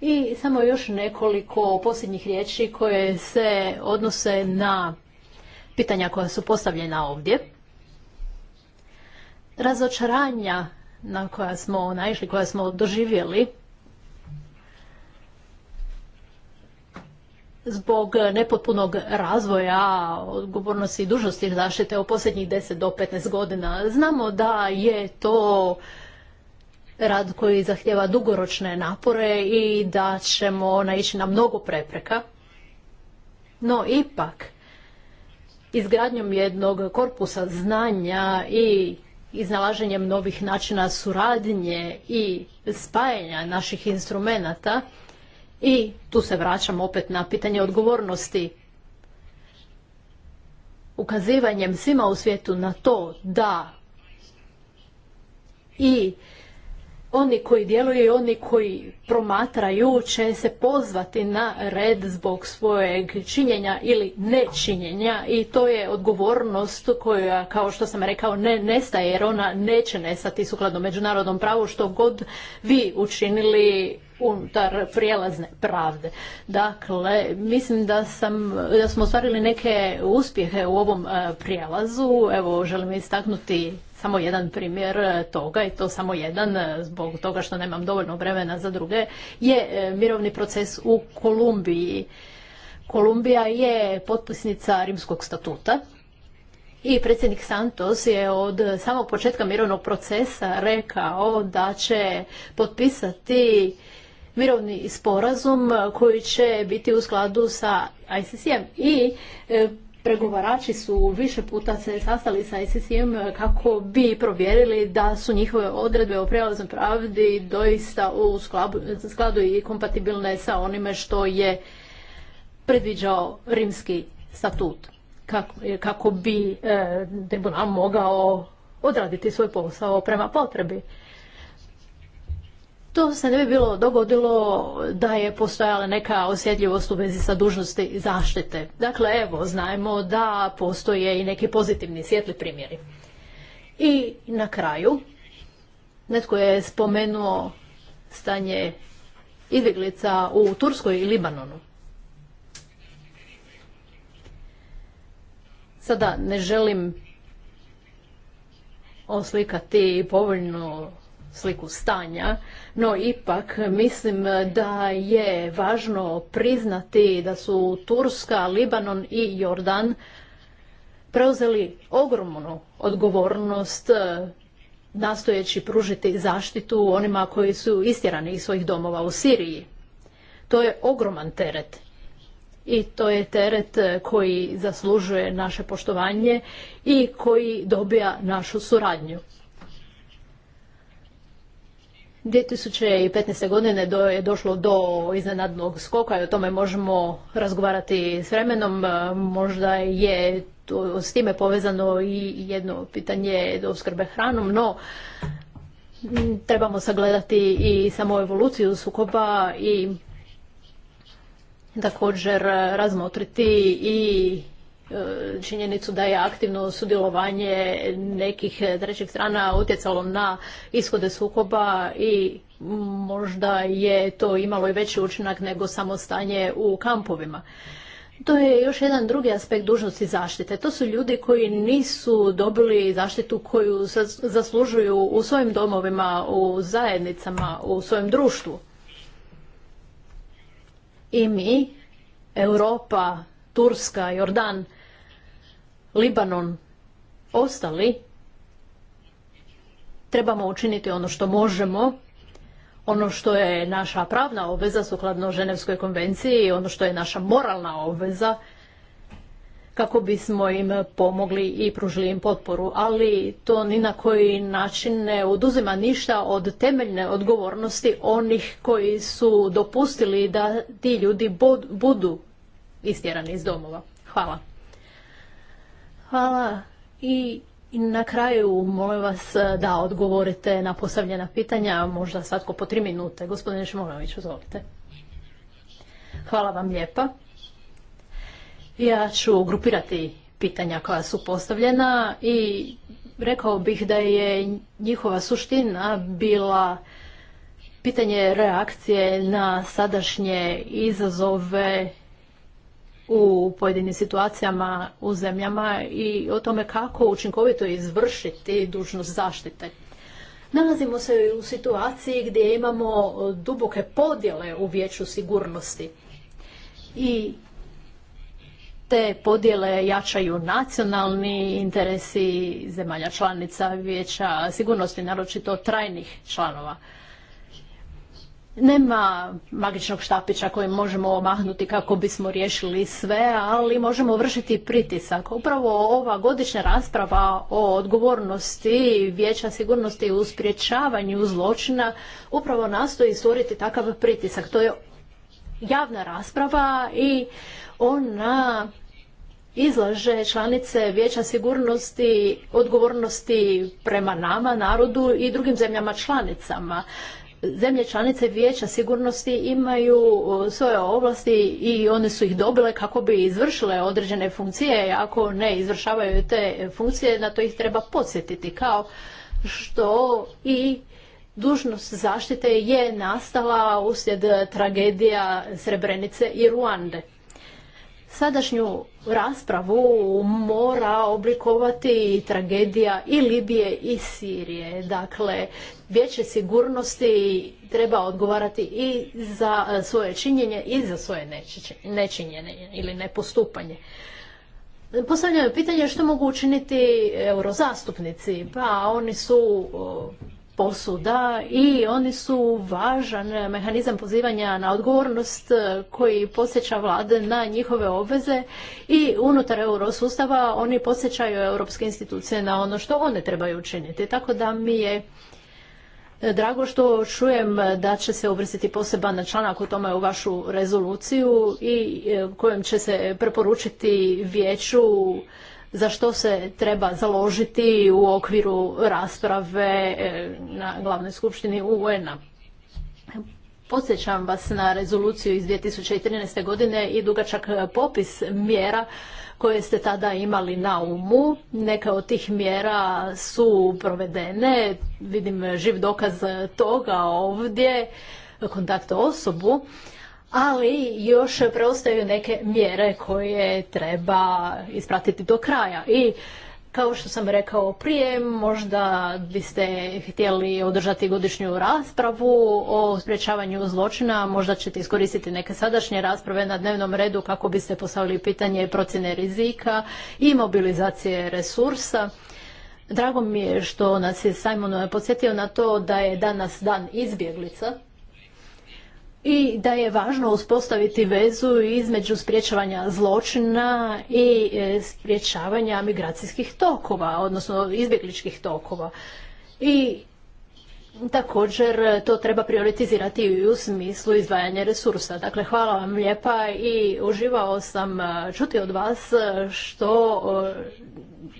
I samo još nekoliko posljednjih riječi koje se odnose na pitanja koja su postavljena ovdje razočaranja na koja smo naišli, koja smo doživjeli zbog nepotpunog razvoja odgovornosti i dužnosti zaštite u posljednjih 10 do 15 godina. Znamo da je to rad koji zahtjeva dugoročne napore i da ćemo naići na mnogo prepreka. No ipak, izgradnjom jednog korpusa znanja i iznalaženjem novih načina suradnje i spajanja naših instrumenata i tu se vraćam opet na pitanje odgovornosti ukazivanjem svima u svijetu na to da i oni koji djeluju i oni koji promatraju će se pozvati na red zbog svojeg činjenja ili nečinjenja i to je odgovornost koja, kao što sam rekao, ne nestaje jer ona neće nestati sukladno međunarodnom pravu što god vi učinili unutar prijelazne pravde. Dakle, mislim da, sam, da smo ostvarili neke uspjehe u ovom e, prijelazu. Evo, želim istaknuti samo jedan primjer e, toga i to samo jedan e, zbog toga što nemam dovoljno vremena za druge je e, mirovni proces u Kolumbiji. Kolumbija je potpisnica Rimskog statuta i predsjednik Santos je od samog početka mirovnog procesa rekao da će potpisati mirovni sporazum koji će biti u skladu sa ICC-em i Pregovarači su više puta se sastali sa SSM kako bi provjerili da su njihove odredbe o prelaznoj pravdi doista u skladu, i kompatibilne sa onime što je predviđao rimski statut kako, bi eh, tribunal mogao odraditi svoj posao prema potrebi to se ne bi bilo dogodilo da je postojala neka osjetljivost u vezi sa dužnosti zaštite. Dakle, evo, znajmo da postoje i neki pozitivni svjetli primjeri. I na kraju, netko je spomenuo stanje izbjeglica u Turskoj i Libanonu. Sada ne želim oslikati povoljnu sliku stanja, no ipak mislim eh, da je važno priznati da su Turska, Libanon i Jordan preuzeli ogromnu odgovornost eh, nastojeći pružiti zaštitu onima koji su istjerani iz svojih domova u Siriji. To je ogroman teret i to je teret eh, koji zaslužuje naše poštovanje i koji dobija našu suradnju. 2015. godine do, je došlo do iznenadnog skoka i o tome možemo razgovarati s vremenom. E, možda je s time povezano i jedno pitanje do skrbe hranom, no trebamo sagledati i samo evoluciju sukoba i također razmotriti i E, činjenicu da je aktivno sudjelovanje nekih trećih strana utjecalo na ishode sukoba i možda je to imalo i veći učinak nego samo stanje u kampovima. To je još jedan drugi aspekt dužnosti zaštite. To su ljudi koji nisu dobili zaštitu koju zaslužuju u svojim domovima, u zajednicama, u svojem društvu. I mi, Europa, Turska, Jordan, Libanon ostali, trebamo učiniti ono što možemo, ono što je naša pravna obveza sukladno Ženevskoj konvenciji i ono što je naša moralna obveza kako bismo im pomogli i pružili im potporu, ali to ni na koji način ne oduzima ništa od temeljne odgovornosti onih koji su dopustili da ti ljudi budu istjerani iz domova. Hvala. Hvala i na kraju molim vas e, da odgovorite na postavljena pitanja, možda svatko po tri minute. Gospodine Šimonović, izvolite. Hvala vam lijepa. Ja ću grupirati pitanja koja su postavljena i rekao bih da je njihova suština bila pitanje reakcije na sadašnje izazove u pojedinim situacijama u zemljama i o tome kako učinkovito izvršiti dužnost zaštite. Nalazimo se u situaciji gdje imamo duboke podjele u vijeću sigurnosti i te podjele jačaju nacionalni interesi zemalja članica vijeća sigurnosti, naročito trajnih članova. Nema magičnog štapića kojim možemo omahnuti kako bismo riješili sve, ali možemo vršiti pritisak. Upravo ova godišnja rasprava o odgovornosti vijeća sigurnosti u spriječavanju zločina upravo nastoji stvoriti takav pritisak. To je javna rasprava i ona izlaže članice Vijeća sigurnosti, odgovornosti prema nama, narodu i drugim zemljama članicama zemlje članice vijeća sigurnosti imaju svoje ovlasti i one su ih dobile kako bi izvršile određene funkcije. Ako ne izvršavaju te funkcije, na to ih treba podsjetiti. Kao što i dužnost zaštite je nastala uslijed tragedija Srebrenice i Ruande. Sadašnju raspravu mora oblikovati tragedija i Libije i Sirije. Dakle, vijeće sigurnosti treba odgovarati i za svoje činjenje i za svoje nečinjenje ili nepostupanje. Postavljam pitanje što mogu učiniti eurozastupnici. Pa oni su posuda i oni su važan mehanizam pozivanja na odgovornost e, koji posjeća vlade na njihove obveze i unutar eurosustava oni posjećaju europske institucije na ono što one trebaju učiniti. Tako da mi je e, Drago što čujem da će se uvrstiti poseban članak o tome u vašu rezoluciju i e, kojem će se preporučiti vijeću za što se treba založiti u okviru rasprave e, na glavnoj skupštini UN-a. Podsjećam vas na rezoluciju iz 2013. godine i dugačak popis mjera koje ste tada imali na umu. Neka od tih mjera su provedene, vidim živ dokaz toga ovdje, kontakt osobu ali još preostaju neke mjere koje treba ispratiti do kraja i kao što sam rekao prije, možda biste htjeli održati godišnju raspravu o sprječavanju zločina, možda ćete iskoristiti neke sadašnje rasprave na dnevnom redu kako biste postavili pitanje procjene rizika i mobilizacije resursa. Drago mi je što nas je Simon podsjetio na to da je danas dan izbjeglica i da je važno uspostaviti vezu između sprječavanja zločina i e, sprječavanja migracijskih tokova, odnosno izbjegličkih tokova. I također to treba prioritizirati i u smislu izdvajanja resursa. Dakle, hvala vam lijepa i uživao sam e, čuti od vas e, što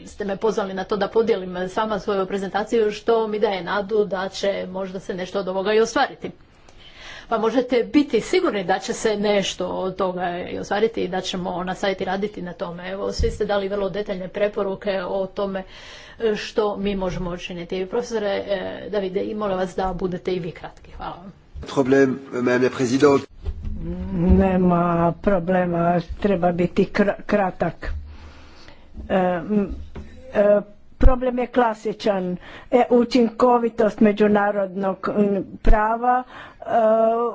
ste me pozvali na to da podijelim s vama svoju prezentaciju, što mi daje nadu da će možda se nešto od ovoga i ostvariti pa možete biti sigurni da će se nešto od toga i ostvariti i da ćemo na sajti raditi na tome. Evo, svi ste dali vrlo detaljne preporuke o tome e, što mi možemo učiniti. Profesore e, Davide, i molim vas da budete i vi kratki. Hvala vam. Problem, mene prezident. Nema problema, treba biti kratak. E, problem je klasičan učinkovitost međunarodnog prava Eh,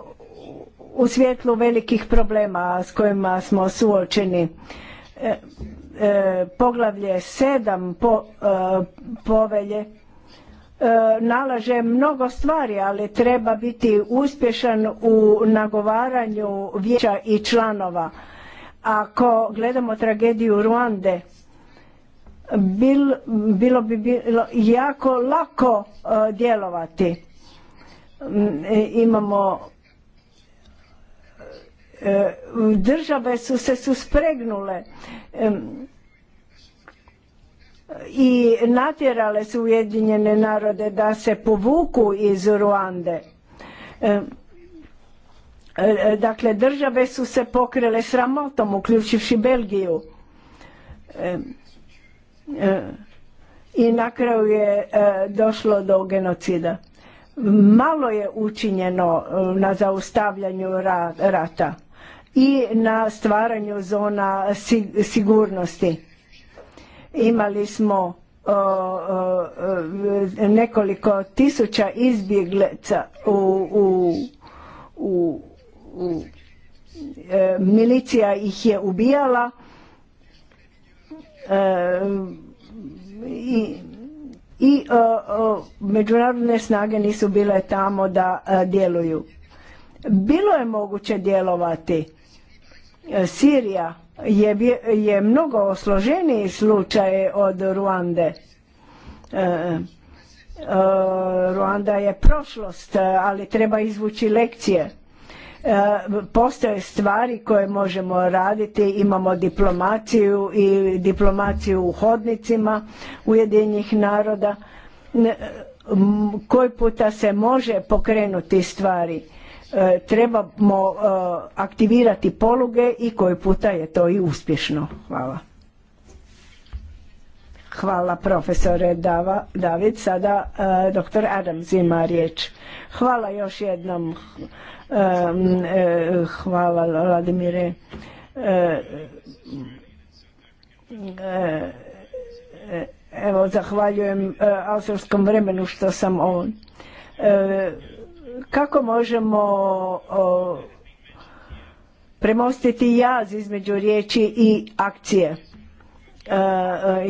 u svjetlu velikih problema s kojima smo suočeni. Eh, eh, poglavlje sedam povelje nalaže mnogo stvari, ali treba biti uspješan u nagovaranju vijeća i članova. Ako gledamo tragediju Ruande, bilo bi bilo jako lako djelovati E, imamo e, države su se suspregnule i natjerale su Ujedinjene narode da se povuku iz Ruande. E, dakle, države su se pokrele sramotom, uključivši Belgiju. I na kraju je došlo do genocida. Malo je učinjeno e, na zaustavljanju rata i na stvaranju zona sigurnosti. Imali smo e, nekoliko tisuća izbjeglica u, u, e, milicija ih je ubijala i i e, e, međunarodne snage nisu bile tamo da e, djeluju. Bilo je moguće djelovati. Sirija je, mnogo osloženiji slučaj od Ruande. Ruanda je prošlost, ali treba izvući lekcije. Postoje stvari koje možemo raditi, imamo diplomaciju i diplomaciju u hodnicima Ujedinjenih naroda. Koji puta se može pokrenuti stvari? E, trebamo e, aktivirati poluge i koji puta je to i uspješno. Hvala. Hvala profesore Dava, David. Sada e, doktor Adams ima riječ. Hvala još jednom. E, hvala Vladimire. E, e, evo, zahvaljujem autorskom vremenu što sam on. Kako možemo premostiti jaz između riječi i akcije? E,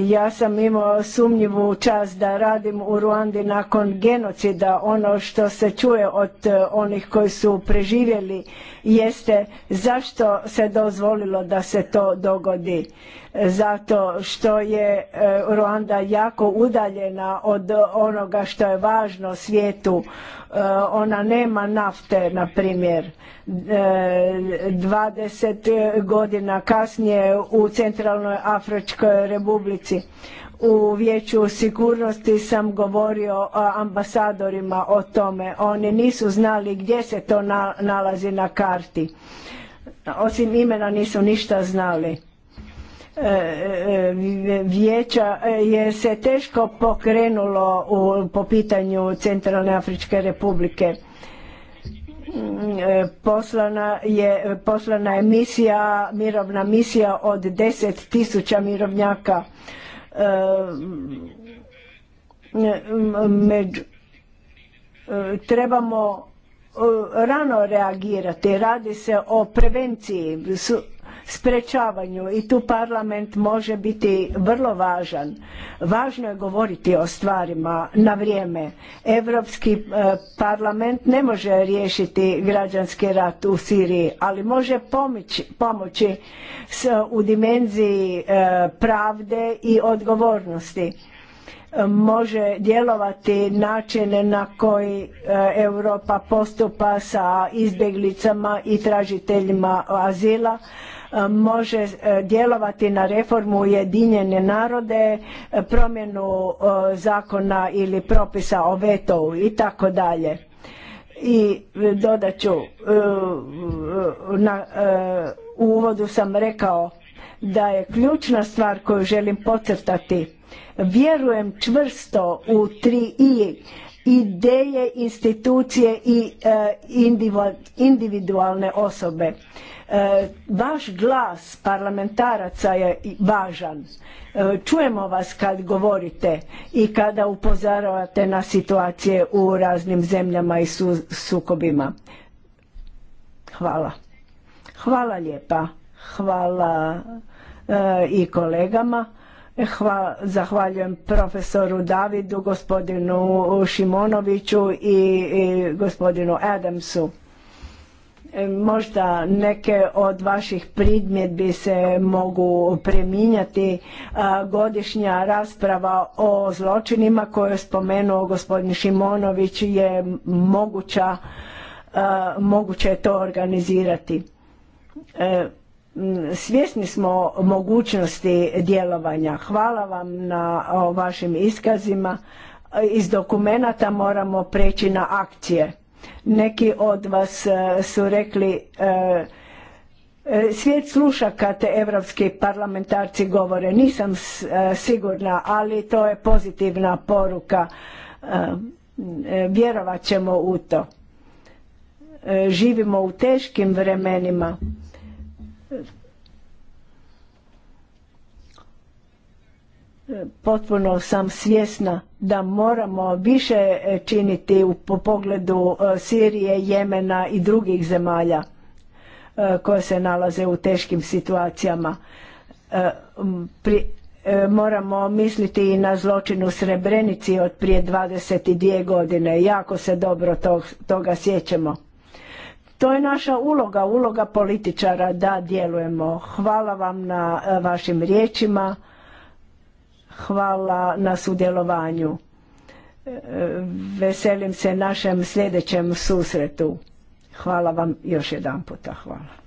ja sam imao sumnjivu čast da radim u Ruandi nakon genocida ono što se čuje od e, onih koji su preživjeli jeste zašto se dozvolilo da se to dogodi. Zato što je e, Ruanda jako udaljena od onoga što je važno svijetu. E, ona nema nafte, na primjer. 20 e, godina kasnije u Centralnoj Afričkoj republici u vijeću sigurnosti sam govorio ambasadorima o tome. Oni nisu znali gdje se to nalazi na karti. Osim imena nisu ništa znali. E, e, vijeća e, je se teško pokrenulo u, po pitanju Centralne Afričke Republike. poslana je, poslana je misija, mirovna misija od deset tisuća mirovnjaka E, e, trebamo e, rano reagirati. Radi se o prevenciji. Su, sprečavanju i tu parlament može biti vrlo važan. Važno je govoriti o stvarima na vrijeme. Europski e, parlament ne može riješiti građanski rat u Siriji, ali može pomoći, u dimenziji e, pravde i odgovornosti može djelovati način na koji e, Europa postupa sa izbjeglicama i tražiteljima azila može e, djelovati na reformu Ujedinjene narode, e, promjenu e, zakona ili propisa o vetovu i tako dalje. I dodat ću, na, u uvodu sam rekao da je ključna stvar koju želim pocrtati. Vjerujem čvrsto u tri i ideje, institucije i individualne osobe. E, vaš glas parlamentaraca je važan. E, čujemo vas kad govorite i kada upozoravate na situacije u raznim zemljama i sukobima. Hvala. Hvala lijepa. Hvala e, i kolegama. Hva, zahvaljujem profesoru Davidu, gospodinu Šimonoviću i, i gospodinu Adamsu. Možda neke od vaših bi se mogu preminjati. Godišnja rasprava o zločinima koje je spomenuo gospodin Šimonović je moguća, moguće je to organizirati. E, svjesni smo mogućnosti djelovanja. Hvala vam na vašim iskazima. Iz dokumenata moramo preći na akcije neki od vas e, su rekli e, e, svijet sluša kad te evropski parlamentarci govore. Nisam sigurna, ali to je pozitivna poruka. Vjerovat ćemo u to. Živimo u teškim vremenima. Potpuno sam svjesna da moramo više e, činiti u pogledu e, Sirije, Jemena i drugih zemalja e, koje se nalaze u teškim situacijama. Pri, moramo misliti i na zločin u Srebrenici od prije 22 godine. Jako se dobro toga sjećamo. To je naša uloga, uloga političara da djelujemo. Hvala vam na vašim riječima. Hvala na sudjelovanju. E, veselim se našem sljedećem susretu. Hvala vam još jedan puta. Hvala.